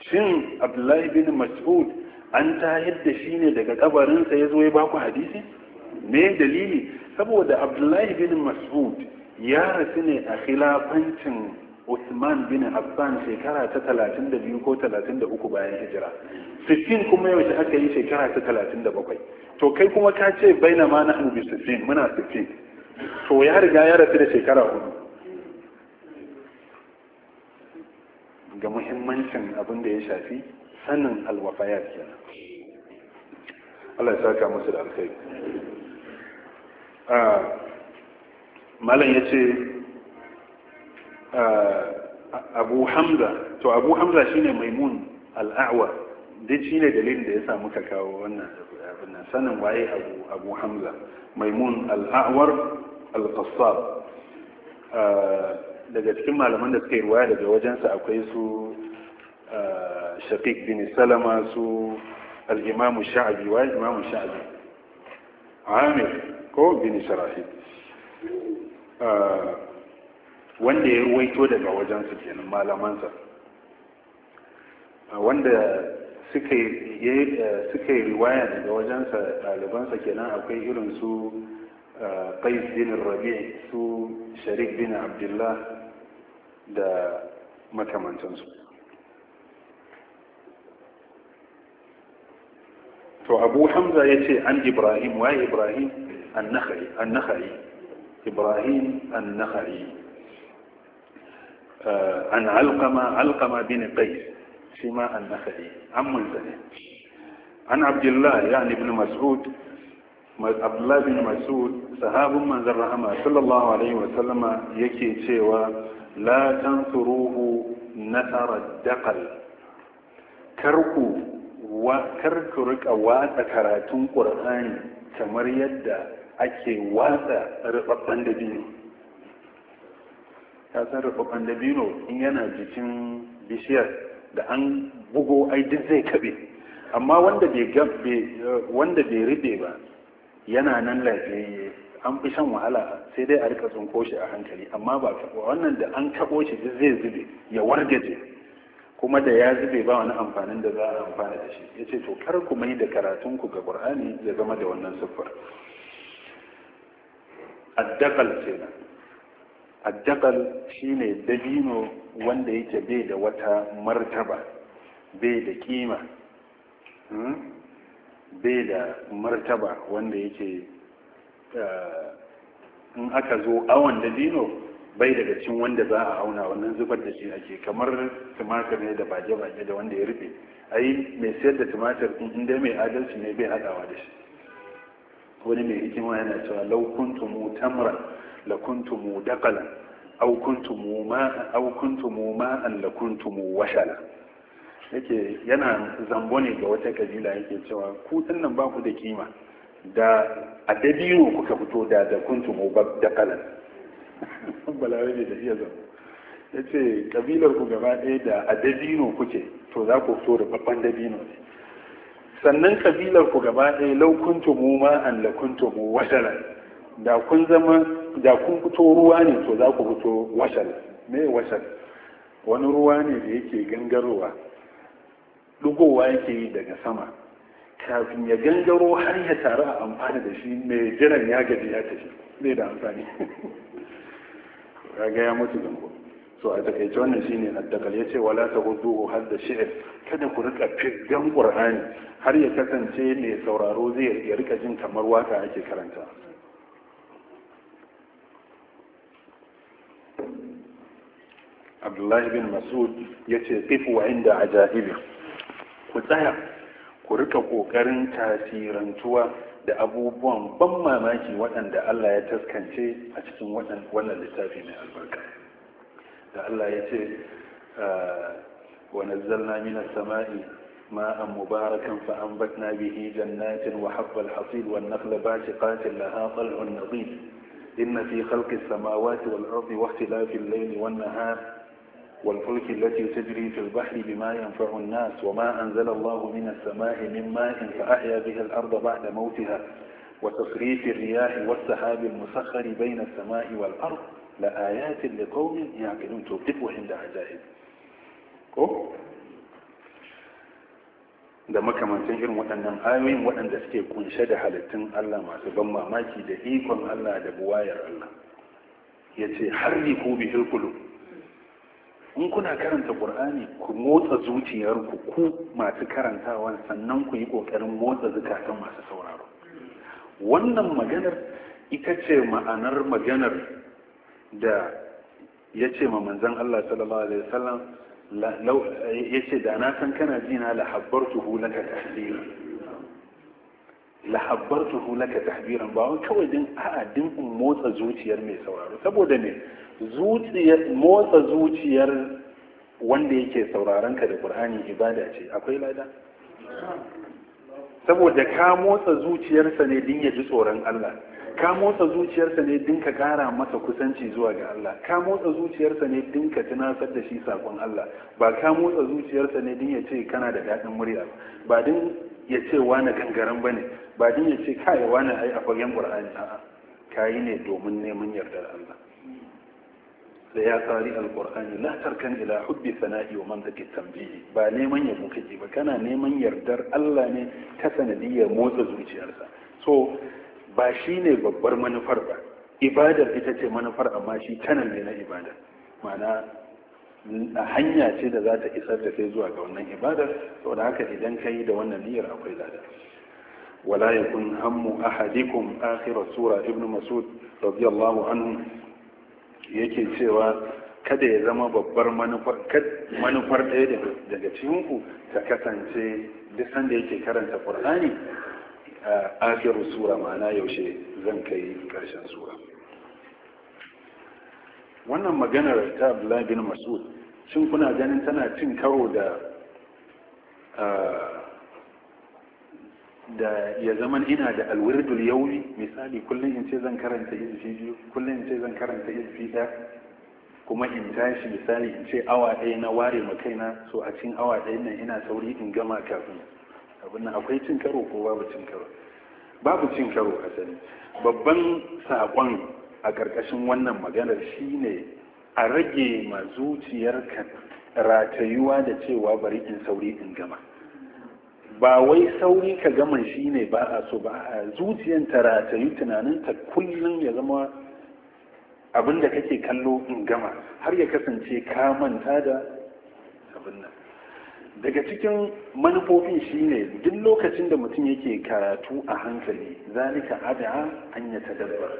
shin abdullahi bin mas'ud an tayar da shi ne daga kabarinsa ya zo ya baku hadisi me dalili saboda abdullahi bin mas'ud ya rasu ne a khilafancin Usman bin Affan shekara ta 32 ko 33 bayan hijira 15 kuma yaushe aka yi shekara ta 37 to kai kuma ka ce baina ma na bi 15 muna 15 to ya riga ya rasu da shekara hudu ga muhimmancin abin da ya shafi sanin alwafayat kenan Allah ya saka musu da alkhairi ah, malam ya ce abu hamza to abu hamza shine maimun al'awa duk shine dalilin da ya sa muka kawo wannan abin nan sanin waye abu abu hamza maimun al'awar al-qassab daga cikin malaman da suka yi ruwaya daga wajensa akwai su shafiq bin salama su al-imam sha'bi wa imam sha'bi amir ko bin sharahi wanda ya waito daga wajensu kenan malamansa wanda eh, suka yi riwaya daga wajensa ɗalibansa kenan akwai irin su eh, qais bin rabi su sharif bin abdullah da makamantansu to abu hamza ya ce an ibrahim waye ibrahim an-nakhai ibrahim an-nakhai an alqama alqama bin qais shi ma annakhai amman sani an abdullah yani mas'ud abdullah mas'ud sahabun manzon rahama sallallahu alaihi wa sallama yake cewa la tansuruhu nasara daqal kar ku rika watsa karatun ƙur'ani kamar yadda ake watsa rubabban dabino ta san pandabino dabino in yana jikin bishiyar da an bugo ai duk zai kabe amma wanda bai eh, wanda rube ba yana nan lafiyayye an fi shan wahala sai dai a rika tsunko shi a hankali amma ba wannan da an kabo shi duk zai zube ya wargaje kuma da ya zube ba wani amfanin da za a amfana da shi ya ce to kar ku mai da karatun ku ga qur'ani ya zama da wannan siffar addaqal kenan addakal shine dabino wanda yake bai da wata martaba bai da kima hmm? bai da martaba wanda yake eh, in aka zo awon dabino bai daga cikin wanda za a auna wannan zubar da shi ake kamar tumatir ne da baje-baje da wanda ya rufe ai mai sayar da tumatir inda mai adalci ne bai haɗawa da shi wani mai hikima yana cewa laukuntumu tamran lakuntum daqalan aw kuntum ma'an aw kuntum ma'an lakuntum washala yake yana zambo ne ga wata kabila yake cewa ku dinnan ba ku da kima da a dabino kuka fito da da kuntum daqalan balawai ne da iya zambo yace kabilar ku gaba ɗaya da a dabino kuke to za ku fito da babban dabino ne sannan kabilar ku gaba ɗaya lau ma an la mu wasalan da kun zama da kun fito ruwa ne to za ku fito washal me washal wani ruwa ne da yake gangarowa dugowa yake yi daga sama kafin ya gangaro har ya taru a amfani da shi mai jiran ya gaji ya tafi zai da amfani ga ya mutu gango so a takaice wannan shine ya yace wala da shi shi'r kada ku rika firgan qur'ani har ya kasance mai sauraro zai rika jin kamar waka ake karanta abdullahi bin masud ya ce tsifu inda ajaibi ku tsaya ku rika ƙoƙarin tasirantuwa da abubuwan ban mamaki waɗanda Allah ya taskance a cikin wannan littafi mai albarka da Allah ya ce ah, wa nazzalna minas sama'i ma'an mubarakan fa anbatna bihi jannatin wa habbal hasid wan nakhla bashiqatin laha tal'un nadid inna fi khalqis samawati wal ardi wa ikhtilafil layli wan nahar والفلك التي تجري في البحر بما ينفع الناس وما أنزل الله من السماء من ماء فأحيا به الأرض بعد موتها وتصريف الرياح والسحاب المسخر بين السماء والأرض لآيات لقوم يعقلون توقفوا عند عجائب da makamantan irin waɗannan ayoyin waɗanda suke kunshe da halittun Allah masu ban mamaki da ikon Allah da buwayar Allah ya ce har ko bihil kulub in kuna karanta qur'ani ku motsa zuciyarku ku masu karantawa sannan ku yi ƙoƙarin motsa zukatan masu sauraro wannan maganar ita ce ma'anar maganar da ya ce ma manzan Allah sallallahu alaihi wasallam ya ce da na san kana jina lahabbar tuhu laka tahbiran lahabbar tuhu laka tahbiran ba kawai din a'a din motsa zuciyar mai sauraro saboda me motsa zuciyar wanda yake sauraron ka da qur'ani ibada ce akwai lada saboda ka motsa zuciyarsa ne din ya ji tsoron Allah ka motsa zuciyarsa ne din ka kara masa kusanci zuwa ga Allah ka motsa zuciyarsa ne din ka tunasar da shi sakon Allah ba ka motsa zuciyarsa ne din ya ce kana da daɗin murya ba din ya ce wani gangaren ba ne ba din ya ce kai wani ai a fagen qur'ani a'a ka ne domin neman yardar Allah da ya tsari alkur'ani la tarkan ila hubbi sana'i wa mantaqi tanbihi ba neman yabo kake ba kana neman yardar Allah ne ta sanadiyar motsa zuciyarsa so ba shine babbar manufar ba ibadar ita ce manufar amma shi tana ne na ibadar ma'ana a hanya ce da za ta isar da sai zuwa ga wannan ibadar saboda haka idan ka yi da wannan niyyar akwai lada ولا يكن هم أحدكم آخر سورة ابن مسعود رضي الله عنه yake cewa kada ya zama babbar manufar ɗaya daga cikinku ta kasance duk sanda yake karanta ƙur'ani a ajiyar sura ma'ana yaushe zan kai ƙarshen sura wannan maganar ta abdullahi bin masud shin kuna ganin tana cin karo da da ya zama ina da alwirdul yaumi misali kullum in ce zan karanta izfi biyu kullum in ce zan karanta izfi ɗaya kuma in tashi misali in ce awa ɗaya na ware ma kaina so a cikin awa ɗaya nan ina sauri in gama kafin abin nan akwai cin karo ko babu cin karo babu cin karo asali babban saƙon a ƙarƙashin wannan maganar shine a rage ma zuciyarka ratayuwa da cewa bari in sauri in gama ba wai sauri ka gama shi ne ba a so ba a zuciyar ta tunanin ta kullum ya zama abin da kake kallo in gama har ya kasance ka manta da abin nan daga cikin manufofin shine duk lokacin da mutum yake karatu a hankali zalika ada an ya tadabbar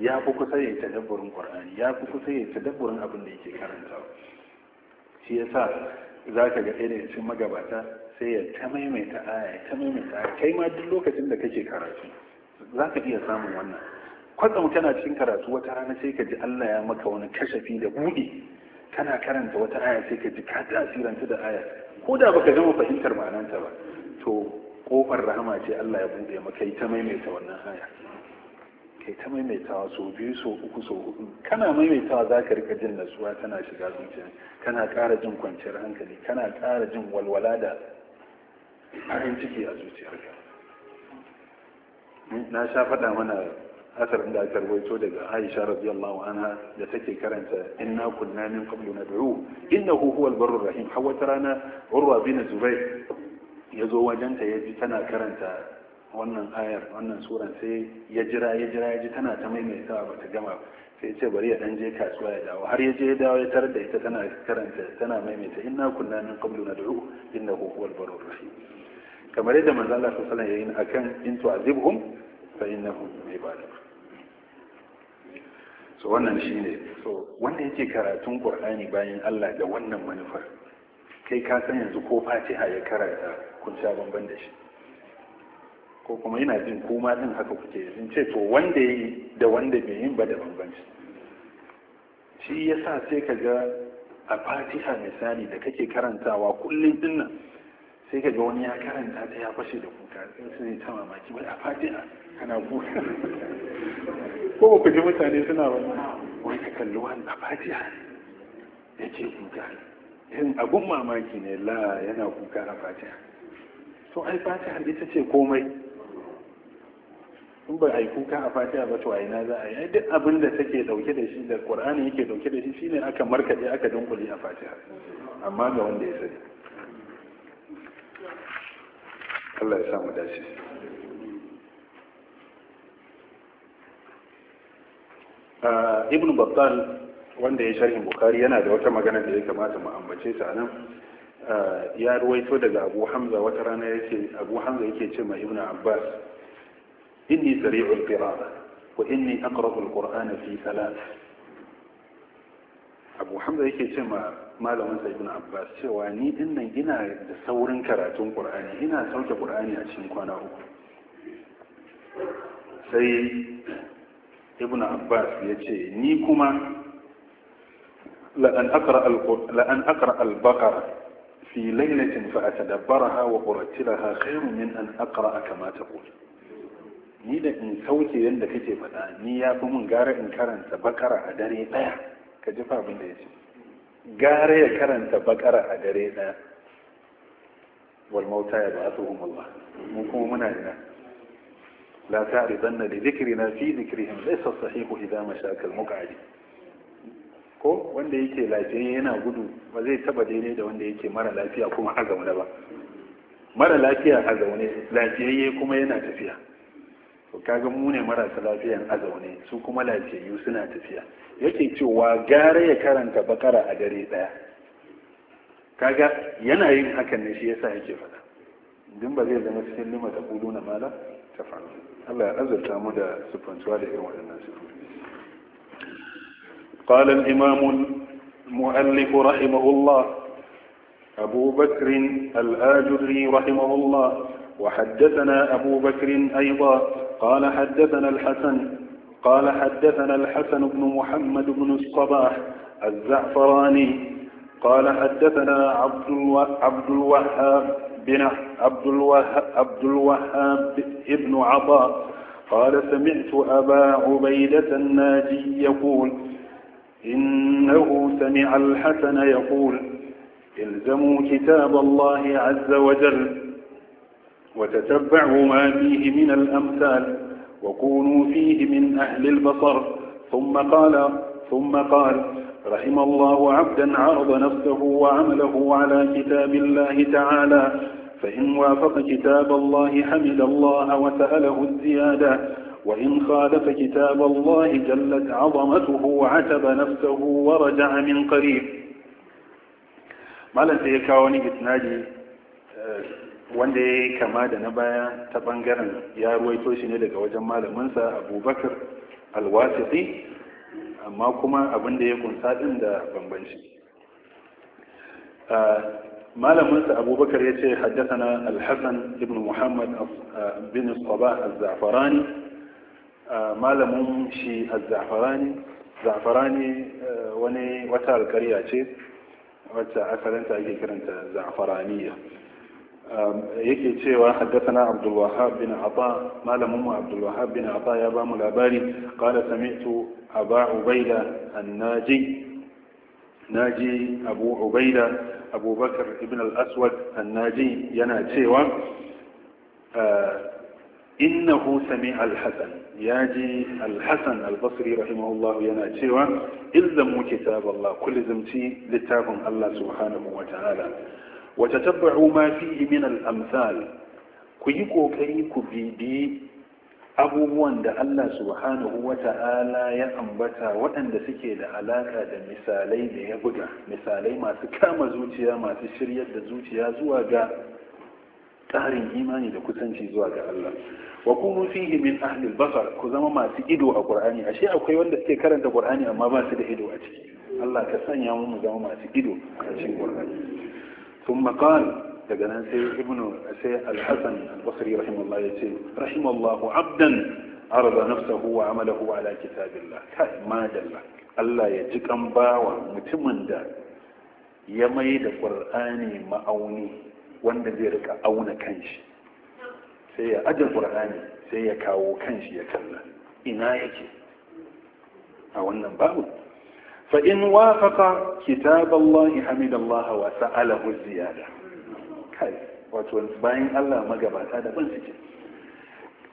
ya fi kusa ya tadabburin ƙwararri ya fi kusa ya tadabburin abin da yake karanta shi yasa za ka ga ɗaya daga cikin magabata sai ya ta maimaita aya ta maimaita aya kai ma duk lokacin da kake karatu za ka iya samun wannan kwatsam tana cikin karatu wata rana sai ka ji Allah ya maka wani kashafi da buɗe kana karanta wata aya sai ka ji ka tasiranta da aya ko da baka gama fahimtar ma'ananta ba to kofar rahama ce Allah ya buɗe maka ta maimaita wannan aya kai ta maimaitawa so biyu so uku so hudu kana maimaitawa za ka rika jin nasuwa tana shiga zuciya kana ƙara jin kwanciyar hankali kana ƙara jin walwala da farin ciki a zuciyarka na sha faɗa mana hasarin da aka rubuto daga Aisha radiyallahu anha da take karanta inna kunna min qablu nad'u innahu huwal barur rahim hawa rana urwa bin zubayr yazo wajenta yaji tana karanta wannan ayar wannan suran sai ya jira ya jira ya ji tana ta maimaitawa ba ta gama sai ce bari ya dan je kasuwa ya dawo har ya je ya dawo ya tarar da ita tana karanta tana maimaita inna kunna min qablu nad'u innahu huwal barur rahim kamar yadda manzo Allah sallallahu alaihi wasallam akan in tu'azibhum fa innahum da so wannan shine so wanda yake karatun qur'ani bayan Allah da wannan manufar kai ka san yanzu ko fatiha ya karanta kun sha bamban da shi ko kuma yana jin kuma din haka kuke sun ce to wanda yi da wanda bai yin ba da bambanci shi ya sa sai ka ga a fatiha misali da kake karantawa kullum dinnan sai ka ga wani ya karanta ta ya fashe da kuka in su ta mamaki wani a fatiha kana kuka ko ku ji mutane suna ba wai ka kalli wani a fatiha ya ce kuka yin abun mamaki ne la yana kuka a fatiha to ai fatiha ita ce komai in ba a yi kuka a fatiha ba to ina za a yi duk abin da take dauke da shi da qur'ani yake dauke da shi shine aka markade aka dunkule a fatiha amma ga wanda ya sani Allah ya mu dace ibn battal wanda ya sharhin Bukhari yana da wata magana da ya kamata mu ambace ta nan ya ruwaito daga abu hamza wata rana yake abu hamza yake ce ma ibn abbas إني سريع القراءة وإني أقرأ القرآن في ثلاث أبو حمد يكي ما ما لو أنت ابن عباس سواني إن إنا تصور كراتون قرآني إنا سوك قرآني أشين كوانا سي ابن عباس يجي نيكما لأن أقرأ, لأن أقرأ البقرة في ليلة فأتدبرها وأرتلها خير من أن أقرأ كما تقول ni da in kauce yadda kake faɗa ni ya fi mun gara in karanta bakara a dare ɗaya ka ji fa abin da ya ce gara ya karanta bakara a dare ɗaya Walmauta ya ya su umarwa mun kuma muna yana la da zikiri na fi in zai sahihu idza idan al muq'adi ko wanda yake lafiya yana gudu ba zai taba daidai da wanda yake mara lafiya kuma a zaune ba mara lafiya a zaune lafiyayye kuma yana tafiya to kaga mu ne marasa lafiyan azaune su kuma lafiyayyu suna tafiya yake cewa gare ya karanta bakara a dare daya kaga yana yin hakan ne shi yasa yake faɗa din ba zai zama cikin lima da kudu na mala ta faru Allah ya azurta mu da sufantuwa da irin waɗannan sufofi قال الإمام المؤلف رحمه الله أبو بكر الآجري رحمه الله وحدثنا أبو بكر أيضا قال حدثنا الحسن قال حدثنا الحسن بن محمد بن الصباح الزعفراني قال حدثنا عبد, الو... عبد الوهاب بن عبد الوهاب, عبد الوهاب ابن عطاء قال سمعت أبا عبيدة الناجي يقول إنه سمع الحسن يقول الزموا كتاب الله عز وجل وتتبعوا ما فيه من الأمثال وكونوا فيه من أهل البصر ثم قال ثم قال رحم الله عبدا عرض نفسه وعمله على كتاب الله تعالى فإن وافق كتاب الله حمد الله وسأله الزيادة وإن خالف كتاب الله جلت عظمته عتب نفسه ورجع من قريب ما لن تيكاوني إتناجي آه، wanda ya yi kama da na baya ta bangaren ya ruwaito shi ne daga wajen malaminsa abubakar alwasiti amma kuma abin da ya kunsa din da bambanci ah, malaminsa abubakar ya ce haddasa na alhassan ibn muhammad ah, bin saba al-zafarani ah, malamin shi al-zafarani zafarani wani wata alkarya ce wacce asalinta ake kiranta zafaraniya yake cewa haddathana Abdul wahab bin Ata malamin mu Abdul wahab bin Ata ya ba mu labari qala sami'tu Aba Ubaida an-Naji Abu Ubaida Abu ibn al-Aswad an yana cewa innahu sami'a al-Hasan yaji al-Hasan al-Basri rahimahullah yana cewa illan kitab Allah ku zamti littafin Allah subhanahu wa wata tabba'u ma fi min al-amsal ku yi kokari ku bibi abubuwan da Allah subhanahu wa ta'ala ya ambata waɗanda suke da alaƙa da misalai da ya buga misalai masu kama zuciya masu shiryar da zuciya zuwa ga tsarin imani da kusanci zuwa ga Allah wa kunu fihi min ahli basar ku zama masu ido a Qur'ani ashe akwai wanda suke karanta Qur'ani amma ba su da ido a ciki Allah ka sanya mu mu zama masu ido a cikin Qur'ani Tun قال daga sai ibnu sai al-hasan al-basri rahimahullah ya ce rahimahullah abdan arda nafsahu wa amalahu ala kitabillah kai ma dalla Allah ya ji kan bawa mutumin da ya mai da ƙur'ani ma'auni wanda zai rika auna kanshi sai ya ajin ƙur'ani, sai ya kawo kanshi ya kalla ina yake a wannan babu فإن وافق كتاب الله حمد الله وسأله الزيادة كاي wato bayan Allah magabata da ban suke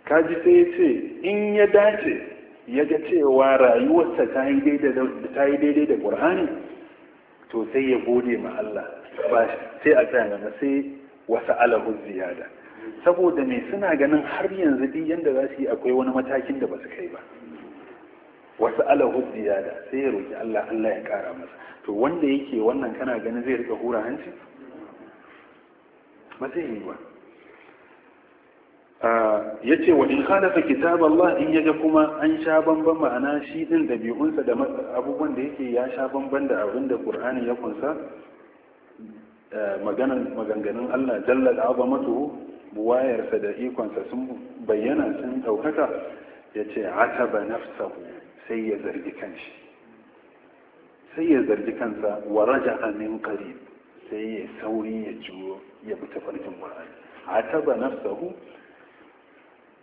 kaji sai ya in ya dace ya ga cewa rayuwarta ta yi daidai da ƙur'ani to sai ya gode ma Allah sai a tsaya na sai wasu alahun ziyada saboda me suna ganin har yanzu duk yanda za su yi akwai wani matakin da ba su kai ba wasu alahu da sai ya roki Allah Allah ya kara masa to wanda yake wannan kana ganin zai rika hura hanci ba zai yi ba ah, ya ce wa in khalafa kitab Allah in yaga kuma an sha bamban ma'ana shi din dabi'unsa da abubuwan da yake ya sha bamban da abin da Qur'ani ya kunsa eh, maganan maganganun Allah jalla da azamatuhu buwayarsa da ikonsa sun bayyana sun ɗaukata. ya ce ataba nafsahu sai ya zargi kanshi sai ya zargi kansa wa raja min qarib sai ya sauri ya juyo ya bi tafarkin ba na nafsahu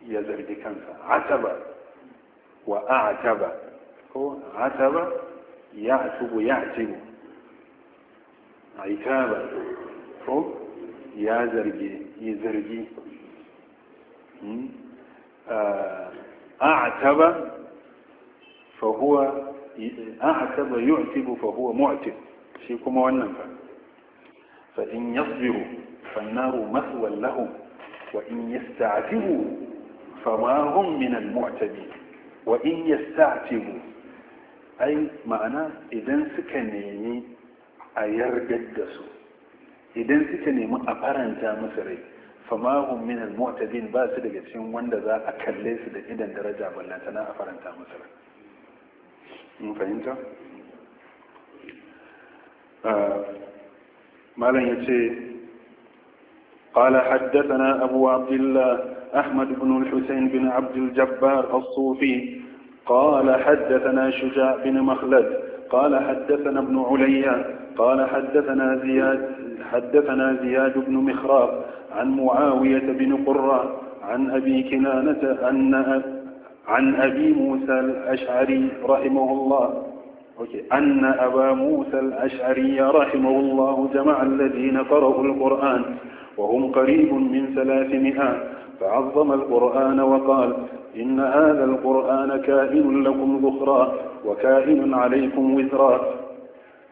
ya zargi kansa ba wa ba, ko a ba ya atubu ya a yi aitaba ko ya zargi ya zargi hmm? ah, ba. fa huwa an hasaba yu'tibu fa huwa mu'tib shi kuma wannan fa fa in yasbiru fa an-naru maswan wa in yasta'tibu fa ma hum min wa in yasta'tibu ai ma'ana idan suka nemi a yargar da su idan suka nemi a faranta musu rai fama ba su daga cikin wanda za a kalle su da idon daraja ballantana a faranta musu rai mun fahimta malam ya ce قال حدثنا أبو عبد الله أحمد بن الحسين بن عبد الجبار الصوفي قال حدثنا شجاع بن مخلد قال حدثنا ابن عليا قال حدثنا زياد حدثنا زياد بن مخراب عن معاوية بن قرة عن أبي كنانة أن عن أبي موسى الأشعري رحمه الله أن أبا موسى الأشعري رحمه الله جمع الذين قرأوا القرآن وهم قريب من ثلاثمائة فعظم القرآن وقال إن هذا القرآن كائن لكم ذخرا وكائن عليكم وزرا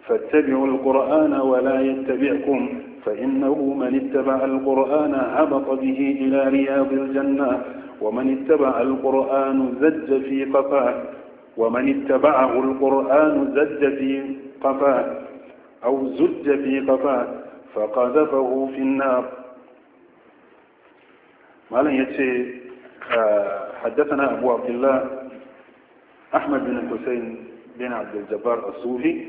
فاتبعوا القرآن ولا يتبعكم فإنه من اتبع القرآن هبط به إلى رياض الجنة ومن اتبع القرآن زج في قفاه ومن اتبعه القرآن زج في قفاه أو زج في قفاه فقذفه في النار ما لن يتشي آه، حدثنا أبو عبد الله أحمد بن الحسين بن عبد الجبار الصوفي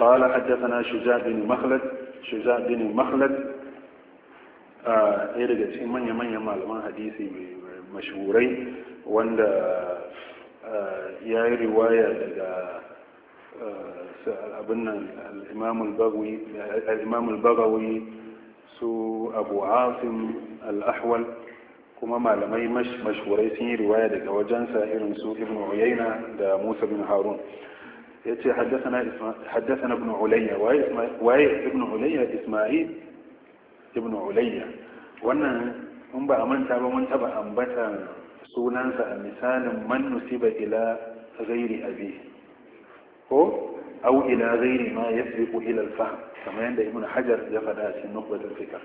قال حدثنا شجاع بن مخلد شجاع بن مخلد ا آه، ايرجت إيه من يمن manyan malaman hadisi مشهورين وند آه، ياي رواية لدى آه، أبن الإمام البغوي الإمام البغوي سو أبو عاصم الأحول كما ما لم يمش مشهوري سي رواية وجان سائر سو ابن عيينة دا موسى بن هارون يتي حدثنا حدثنا ابن عليا وايه ابن عليا اسماعيل ابن عليا وانا in ba a manta ba mun taba ambata sunansa a misalin man nusiba ila ghairi abi ko au ila ghairi ma yasbiqu ila al-fahm kamar yadda ibn hajar ya fada a cikin nukbatul fikr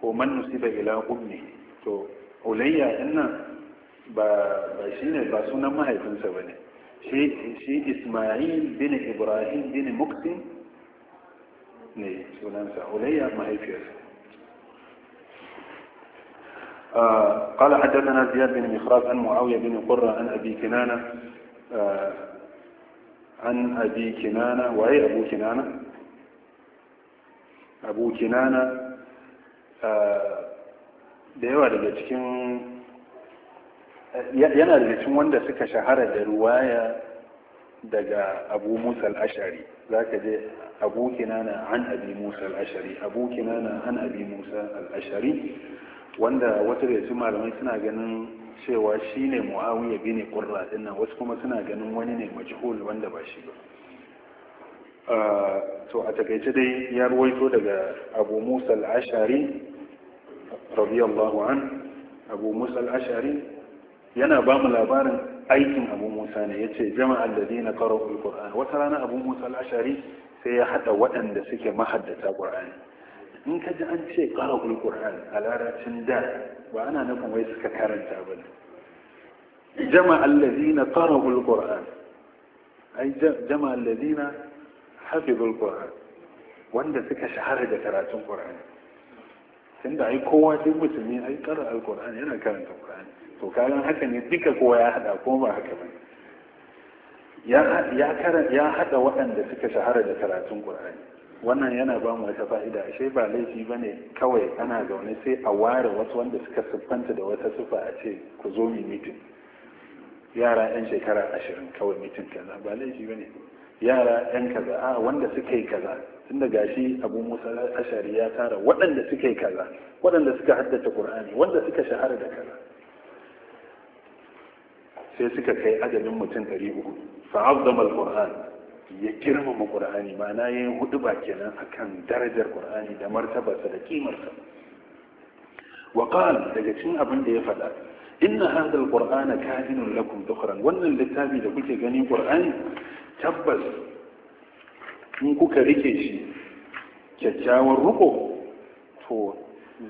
ko man nusiba ila ummi to ulayya inna ba ba shine ba sunan mahaifinsa bane shi shi isma'il bin ibrahim bin muksin ne sunansa ulayya mahaifiyarsa قال حدثنا زياد بن مخراف عن معاوية بن قرة عن أبي كنانة عن أبي كنانة وأي أبو كنانة أبو كنانة yana daga cikin wanda suka shahara da ruwaya daga abu musa al'ashari za ka je abu kinana an abi musa al'ashari abu kinana an abi musa al'ashari wanda wata da malamai suna ganin cewa shi ne mu'awiya bi ne ƙurra dinnan wasu kuma suna ganin wani ne majhul wanda ba shi ba ah, to a takaice dai ya ruwaito daga abu musa al radiyallahu an abu musa al yana ba mu labarin aikin abu musa ne ya yace jama'al ladina qara'u al-qur'an wata rana abu musa al sai ya haɗa waɗanda suke mahaddata qur'ani in ka ji an ce ƙara qur'an a larabcin da ba ana nufin wai suka karanta ba ne jama'a allazina qara'ul qur'an ai jama'a allazina hafi qur'an wanda suka shahara da karatun qur'ani tunda ai kowa duk musulmi ai ƙara qur'an yana karanta qur'ani to kayan haka ne duka kowa ya haɗa ko ba haka ba ya haɗa waɗanda suka shahara da karatun qur'ani wannan yana ba mu wata fa'ida ashe ba laifi ba ne kawai ana zaune sai a ware wasu wanda suka siffanta da wata sufa a ce ku zo mi mitin yara 'yan shekara ashirin kawai mitin kaza ba laifi ba ne yara 'yan kaza a wanda suka yi kaza tun daga shi abu musa ashari ya tara waɗanda suka yi kaza waɗanda suka haddace qur'ani wanda suka shahara da kaza sai suka kai adadin mutum 300 fa'azzama al-qur'an ya girmama ƙur'ani ma'ana ya yi hudu ba kenan a kan darajar ƙur'ani da martabarsa da kimarsa wa qala daga cin abin da ya faɗa inna ƙur'ana ka kahinun lakum dukhran wannan littafi da kuke ganin ƙur'ani, tabbas in kuka rike shi kyakkyawar ruko to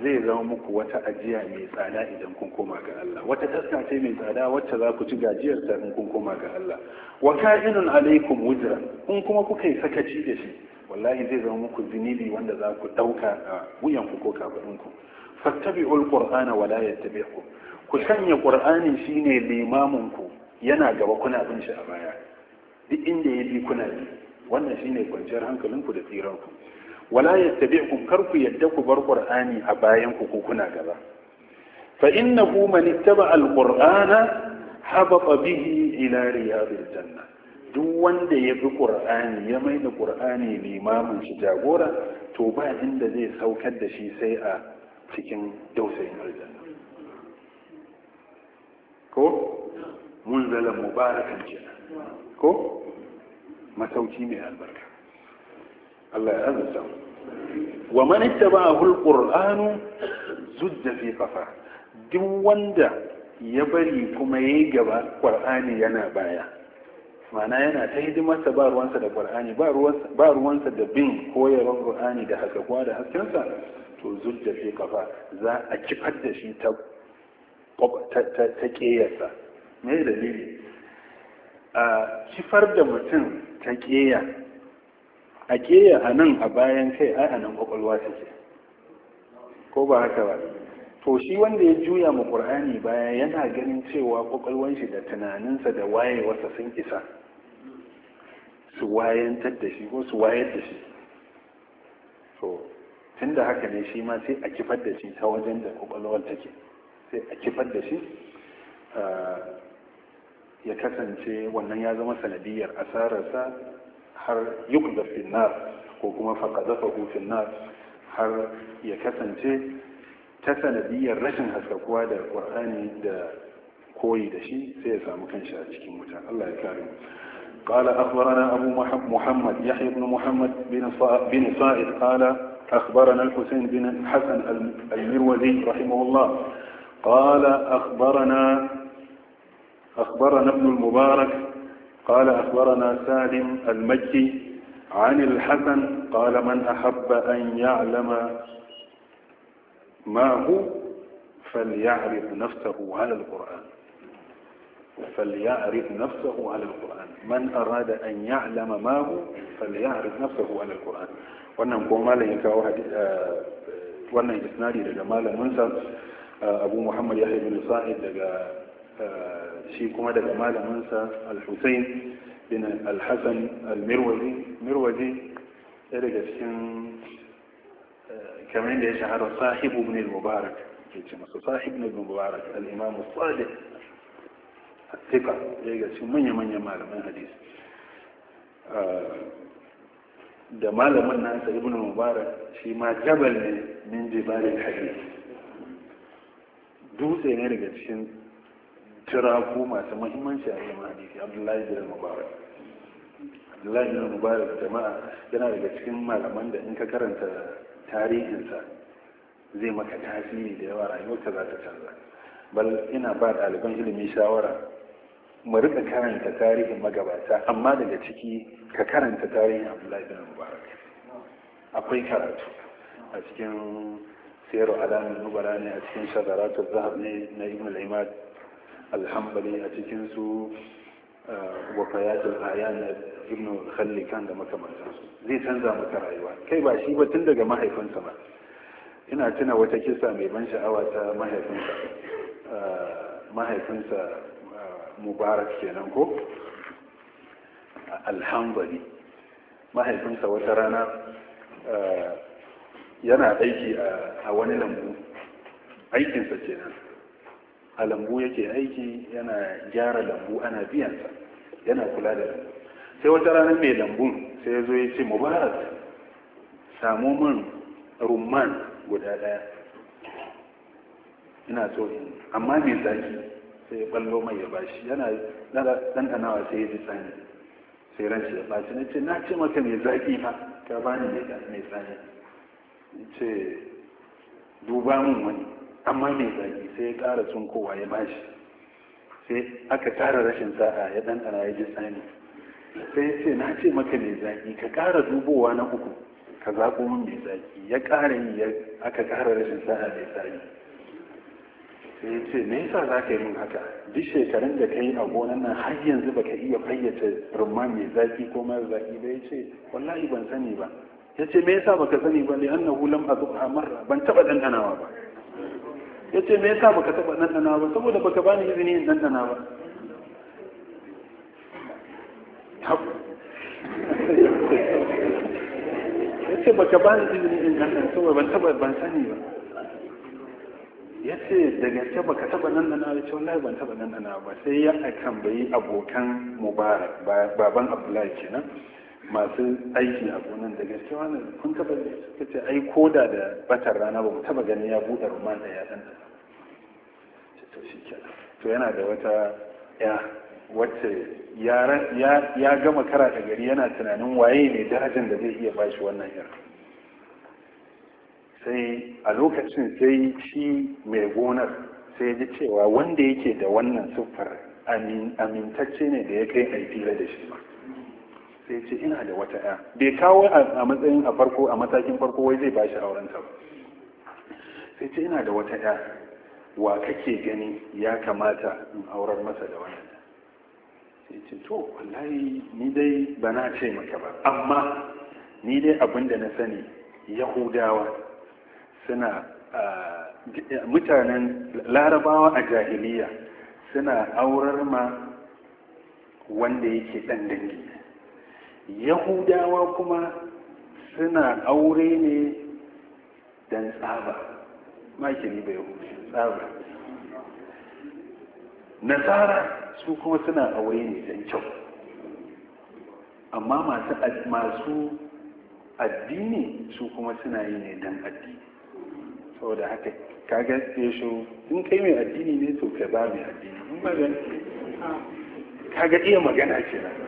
zai zama muku wata ajiya mai tsada idan kun koma ga Allah wata taska ce mai tsada wacce za ku ci gajiyar ta in kun koma ga Allah wa ka'inun alaikum wujra in kuma kuka yi sakaci da shi wallahi zai zama muku zinibi wanda za ku dauka a wuyan ku ko kafadin ku fattabi'ul qur'ana wa la yattabi'ukum ku sanya qur'ani shine limamin ku yana gaba kuna bin shi a baya duk inda ya bi kuna bi wannan shine kwanciyar hankalinku da tsiranku wala ya kar ku karku yadda ku bar qur'ani a bayan ku ko kuna gaba fa innahu man ittaba alqur'ana habata bihi ila riyadil janna duk wanda ya bi qur'ani ya mai da qur'ani limamin shi jagora to ba inda zai saukar da shi sai a cikin dausayin aljanna ko munzalan mubarakan ko masauki mai albarka Allah ya azurta wa man ittaba'ahu alqur'anu zudda fi duk wanda ya bari kuma yayi gaba ƙur'ani yana baya ma'ana yana ta hidimarsa ba ruwansa da ƙur'ani, ba ruwansa da bin koyarwar ƙur'ani da hasakuwa da haskensa to zudda fi za a kifar da shi ta ta ƙeyarsa me dalili a kifar da mutum ta ƙeya a keya a nan a bayan kai ai a nan kwakwalwa ce ko ba haka ba to shi wanda ya juya ma qur'ani baya yana ganin cewa kwakwalwan shi da tunaninsa da wayewarsa sun isa su wayantar da shi ko su wayar da shi to tun da haka ne shi ma sai a kifar da shi ta wajen da kwakwalwar take sai a kifar da shi ah, ya kasance wannan ya zama sanadiyar asararsa har yukda fi nar ko kuma fi nar har ya kasance ta sanadiyar rashin haskakuwa da qur'ani da koyi da shi sai ya samu kansa a cikin wuta Allah ya kare mu قال أخبرنا أبو محمد يحيى بن محمد بن صائد قال أخبرنا الحسين بن الحسن المروزي رحمه الله قال أخبرنا أخبرنا ابن المبارك قال أخبرنا سالم المجدي عن الحسن قال من أحب أن يعلم ما هو فليعرف نفسه على القرآن فليعرف نفسه على القرآن من أراد أن يعلم ما هو فليعرف نفسه على القرآن وأنهم قوما لك ya kawo لجمال آه، isnadi آه، أبو محمد يحيى بن yahya shi kuma daga malaminsa al-hussein bin al-hassan al-mirwazi mirwazi ya daga cikin kamar da ya shahara sahib ibn al-mubarak ke ce masa sahib ibn al-mubarak al-imam sadiq al ya daga cikin manya-manyan malaman hadisi da malamin nasa ibn mubarak shi ma jabal ne min jibalin hadisi dutse ne daga cikin tiraku masu mahimmanci a yin hadisi abdullahi bin mubarak abdullahi bin mubarak jama'a yana daga cikin malaman da in ka karanta tarihinsa zai maka tasiri da yawa rayuwarka za ta canza bal ina ba ɗaliban ilimi shawara mu rika karanta tarihin magabata amma daga ciki ka karanta tarihin abdullahi bin mubarak akwai karatu a cikin sayar alamun nubara ne a cikin shagaratar zahab ne na ibn al alhambali a cikinsu wa fayatul ayan na ibn khallikan da makamantansu zai canza maka rayuwa kai ba shi ba tun daga mahaifinsa ba ina tuna wata kisa mai ban sha'awa ta mahaifinsa mahaifinsa mubarak kenan ko alhambali mahaifinsa wata rana yana aiki a wani lambu aikinsa kenan a lambu yake aiki yana gyara lambu ana biyansa yana kula da lambu sai wata rana mai lambu sai ya zo ya ce mubarak samu min rumman guda daya ina so in amma mai zaki sai ya ballo mai ya bashi yana ɗanɗanawa sai ya ji tsani sai ran shi ya bashi na ce na ce maka mai zaki ma ka bani mai tsani ce duba mun wani amma mai zaki sai ya ƙara tsunkowa ya bashi sai aka ƙara rashin sa'a ya ɗanɗana ya ji tsani sai ya ce na ce maka mai zaki ka ƙara dubowa na uku ka zaɓo min mai zaki ya ƙara yi aka ƙara rashin sa'a mai tsani sai ya ce me yasa za ka yi min haka duk shekarun da ka yi a gonan nan har yanzu baka iya fayyace rumma mai zaki ko mara zaki ba ya ce wallahi ban sani ba ya ce me yasa baka sani ba li annahu lam azqha marra ban taba dandanawa ba ya ce me yasa baka taɓa ɗanɗana ba saboda baka bani izini in ɗanɗana ba ya ce baka bani izini in ɗanɗana saboda ban taba ban sani ba ya ce daga ce baka taɓa ɗanɗana ba ce wallahi ban taɓa ɗanɗana ba sai ya tambayi abokan mubarak baban abdullahi kenan masu aiki a gonan da gaske wannan kun taba suka ce ai koda da batar rana ba taba ganin ya buɗe rumman da ya san ta to shi kenan to yana da wata ya wacce ya gama kara da gari yana tunanin waye ne darajar da zai iya bashi wannan yar sai a lokacin sai shi mai gonar sai ji cewa wanda yake da wannan siffar amintacce ne da ya kai a da shi ba sai ce ina da wata ya bai kawo a matsayin a farko a matakin farko wai zai bashi auren ta sai ce ina da wata ya wa kake gani ya kamata in aurar masa da wannan sai ce to wallahi ni dai ba na ce maka ba amma ni dai abin da na sani yahudawa suna mutanen larabawa a jahiliya suna aurar ma wanda yake ɗan dangi yahudawa kuma suna aure ne don tsaba makini bai tsaba nasara su kuma suna aure ne don kyau amma masu addini su kuma suna yi ne don addini saboda haka kaga shi in kai mai addini ne to ka ba mai addini in kaga iya magana ce na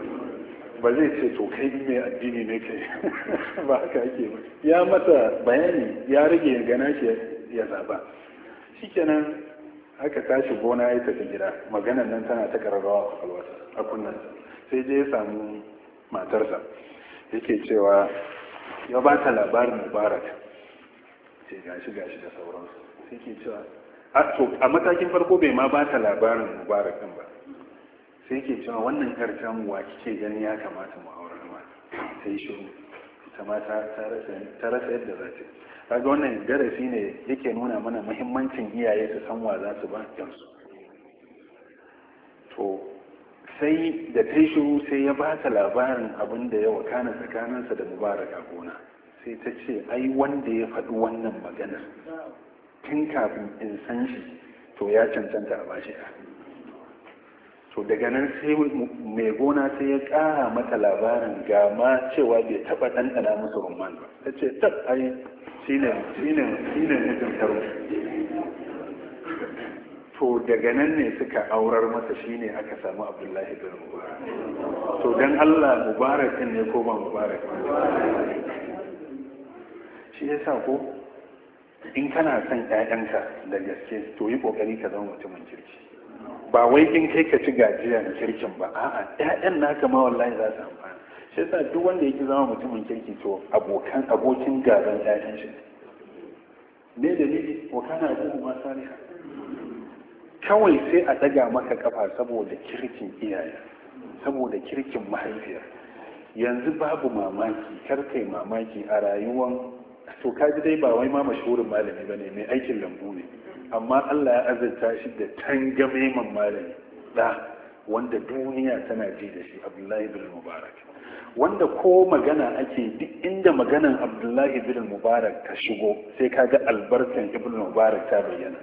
ba zai ce to kai mai addini ne kai ba haka ake ba ya mata bayani ya rage gana shi ya zaba shikenan aka tashi gona ya tafi gida maganan nan tana ta kararrawa a kwakwalwata a kunnan sai je ya samu matarsa yake cewa ya ba ta labarin mubarak ce gashi gashi da sauransu sai ke cewa a matakin farko bai ma ba ta labarin mubarak din ba sai ke cewa wannan karshen mu wa kike gani ya kamata mu aure ma sai shiru ta ma ta rasa yadda za ta kaga wannan darasi ne yake nuna mana muhimmancin iyaye su san wa za su ba kansu to sai da ta shiru sai ya ba ta labarin abin da ya wakana tsakaninsa da mubaraka gona sai ta ce ai wanda ya faɗi wannan magana tun kafin in san shi to ya cancanta a bashi to daga nan sai mai gona sai ya ƙara mata labarin gama cewa bai taɓa ɗanɗana musu rumman ba ta ce tab ai shi ne mijin taro to daga nan ne suka aurar masa shi ne aka samu abdullahi bin mubarak to don allah mubarak ne ko ba mubarak shi ya sa ko in kana son 'ya'yanka da gaske to yi ƙoƙari ka zama mutumin kirki ba wai in kai ka ci gajiyan kirkin ba a'a ƴaƴan naka ma wallahi za su amfana shi yasa duk wanda yake zama mutumin kirki to abokan abokin gaban ƴaƴan shi ne dalili wa kana abubu ma saliha kawai sai a daga maka kafa saboda kirkin iyaye saboda kirkin mahaifiyar yanzu babu mamaki kar kai mamaki a rayuwan to ji dai ba wai ma mashhurin malami ne mai aikin lambu ne amma Allah ya azurta shi da tangame man malami da wanda duniya tana ji da shi abdullahi bin mubarak wanda ko magana ake duk inda maganan abdullahi bin mubarak ta shigo sai kaga albarkan ibn mubarak ta bayyana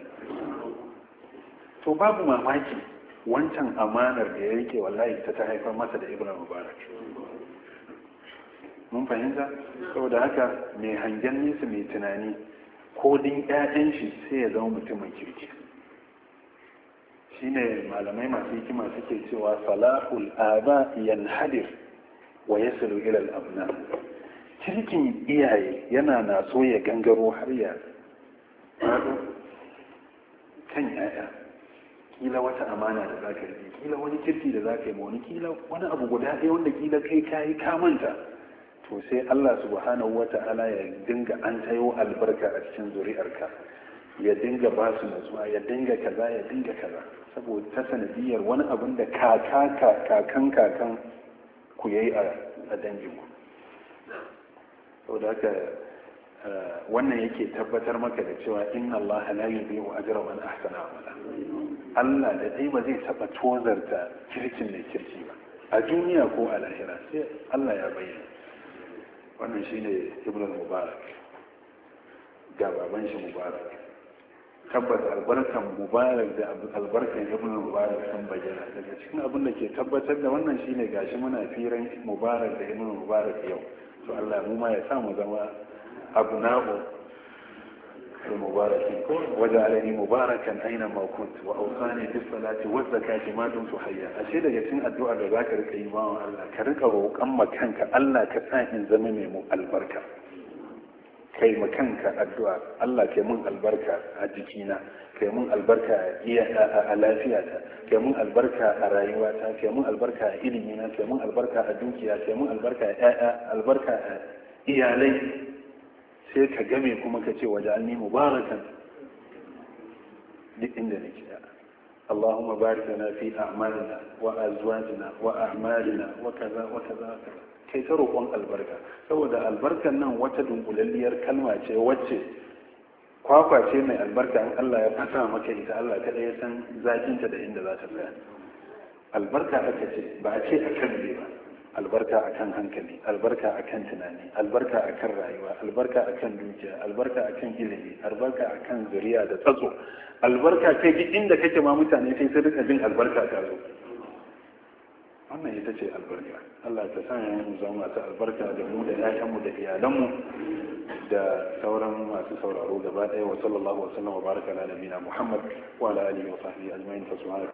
to babu mamaki wancan amanar da ya rike wallahi ta ta haifar masa da ibn mubarak mun fahimta saboda haka mai hangen nesa mai tunani ko din ƴaƴan shi sai ya zama mutumin kirki shine malamai masu hikima suke cewa salahul aba yanhadir wa yasilu ila al-abna kirkin iyaye yana na so ya gangaro har ya kan yaya kila wata amana da za ka yi kila wani kirki da za ka yi wani kila wani abu guda ɗaya wanda kila kai kayi ka manta to sai Allah subhanahu wa ta'ala ya dinga an tayo albarka a cikin zuri'arka ya dinga ba su nutsuwa ya dinga kaza ya dinga kaza saboda ta sanadiyar wani abin da kaka kakan kakan ku yayi a danginku saboda haka eh, wannan yake tabbatar maka da cewa inna Allah la yudhi'u ajra man ahsana amala Allah da dai ba zai taba tozarta kirkin da kirki ba a duniya ko a lahira sai Allah ya bayyana wannan shine ibn mubarak ga baban shi mubarak tabbata albarkan mubarak da albarkan ibn mubarak sun bayyana daga cikin abin da ke tabbatar da wannan shine gashi muna firan mubarak da ibn mubarak yau to Allah mu ma ya sa mu zama abu na'u المبارك وجعلني مباركا أينما كنت وأوصاني بالصلاة والزكاة ما دمت حيا أشهد يتم الدعاء لذاك الكيما الله كرك روك أما كانك الله كسائن زمني مو البركة kai makanka addu'a Allah kai mun albarka a jikina kai mun albarka a lafiyata kai mun albarka a rayuwata kai mun albarka a ilimina kai mun albarka a dukiya kai mun albarka a albarka a iyalai sai ka game kuma ka ce waje'alni mubarakan duk inda nake اللهم بارك لنا في أعمالنا وأزواجنا وأعمالنا وكذا وكذا وكذا kai ta roƙon albarka saboda albarkan nan wata dunkulalliyar kalma ce wacce kwakwa ce mai albarka in Allah ya fasa maka ita Allah kada ya san zakinta da inda za ta tsaya albarka aka ce ba a ce a kan ba albarka akan hankali albarka akan tunani albarka akan rayuwa albarka akan dukiya albarka akan ilimi albarka akan zuriya da tsatso albarka kai duk inda kake ma mutane sai sai duka jin albarka ta zo wannan ita ce albarka Allah ta sanya mu zama masu albarka da mu da mu da iyalanmu da sauran masu sauraro gaba ɗaya wa sallallahu wa sallam wa baraka ala nabiyina Muhammad wa ala alihi wa sahbihi ajma'in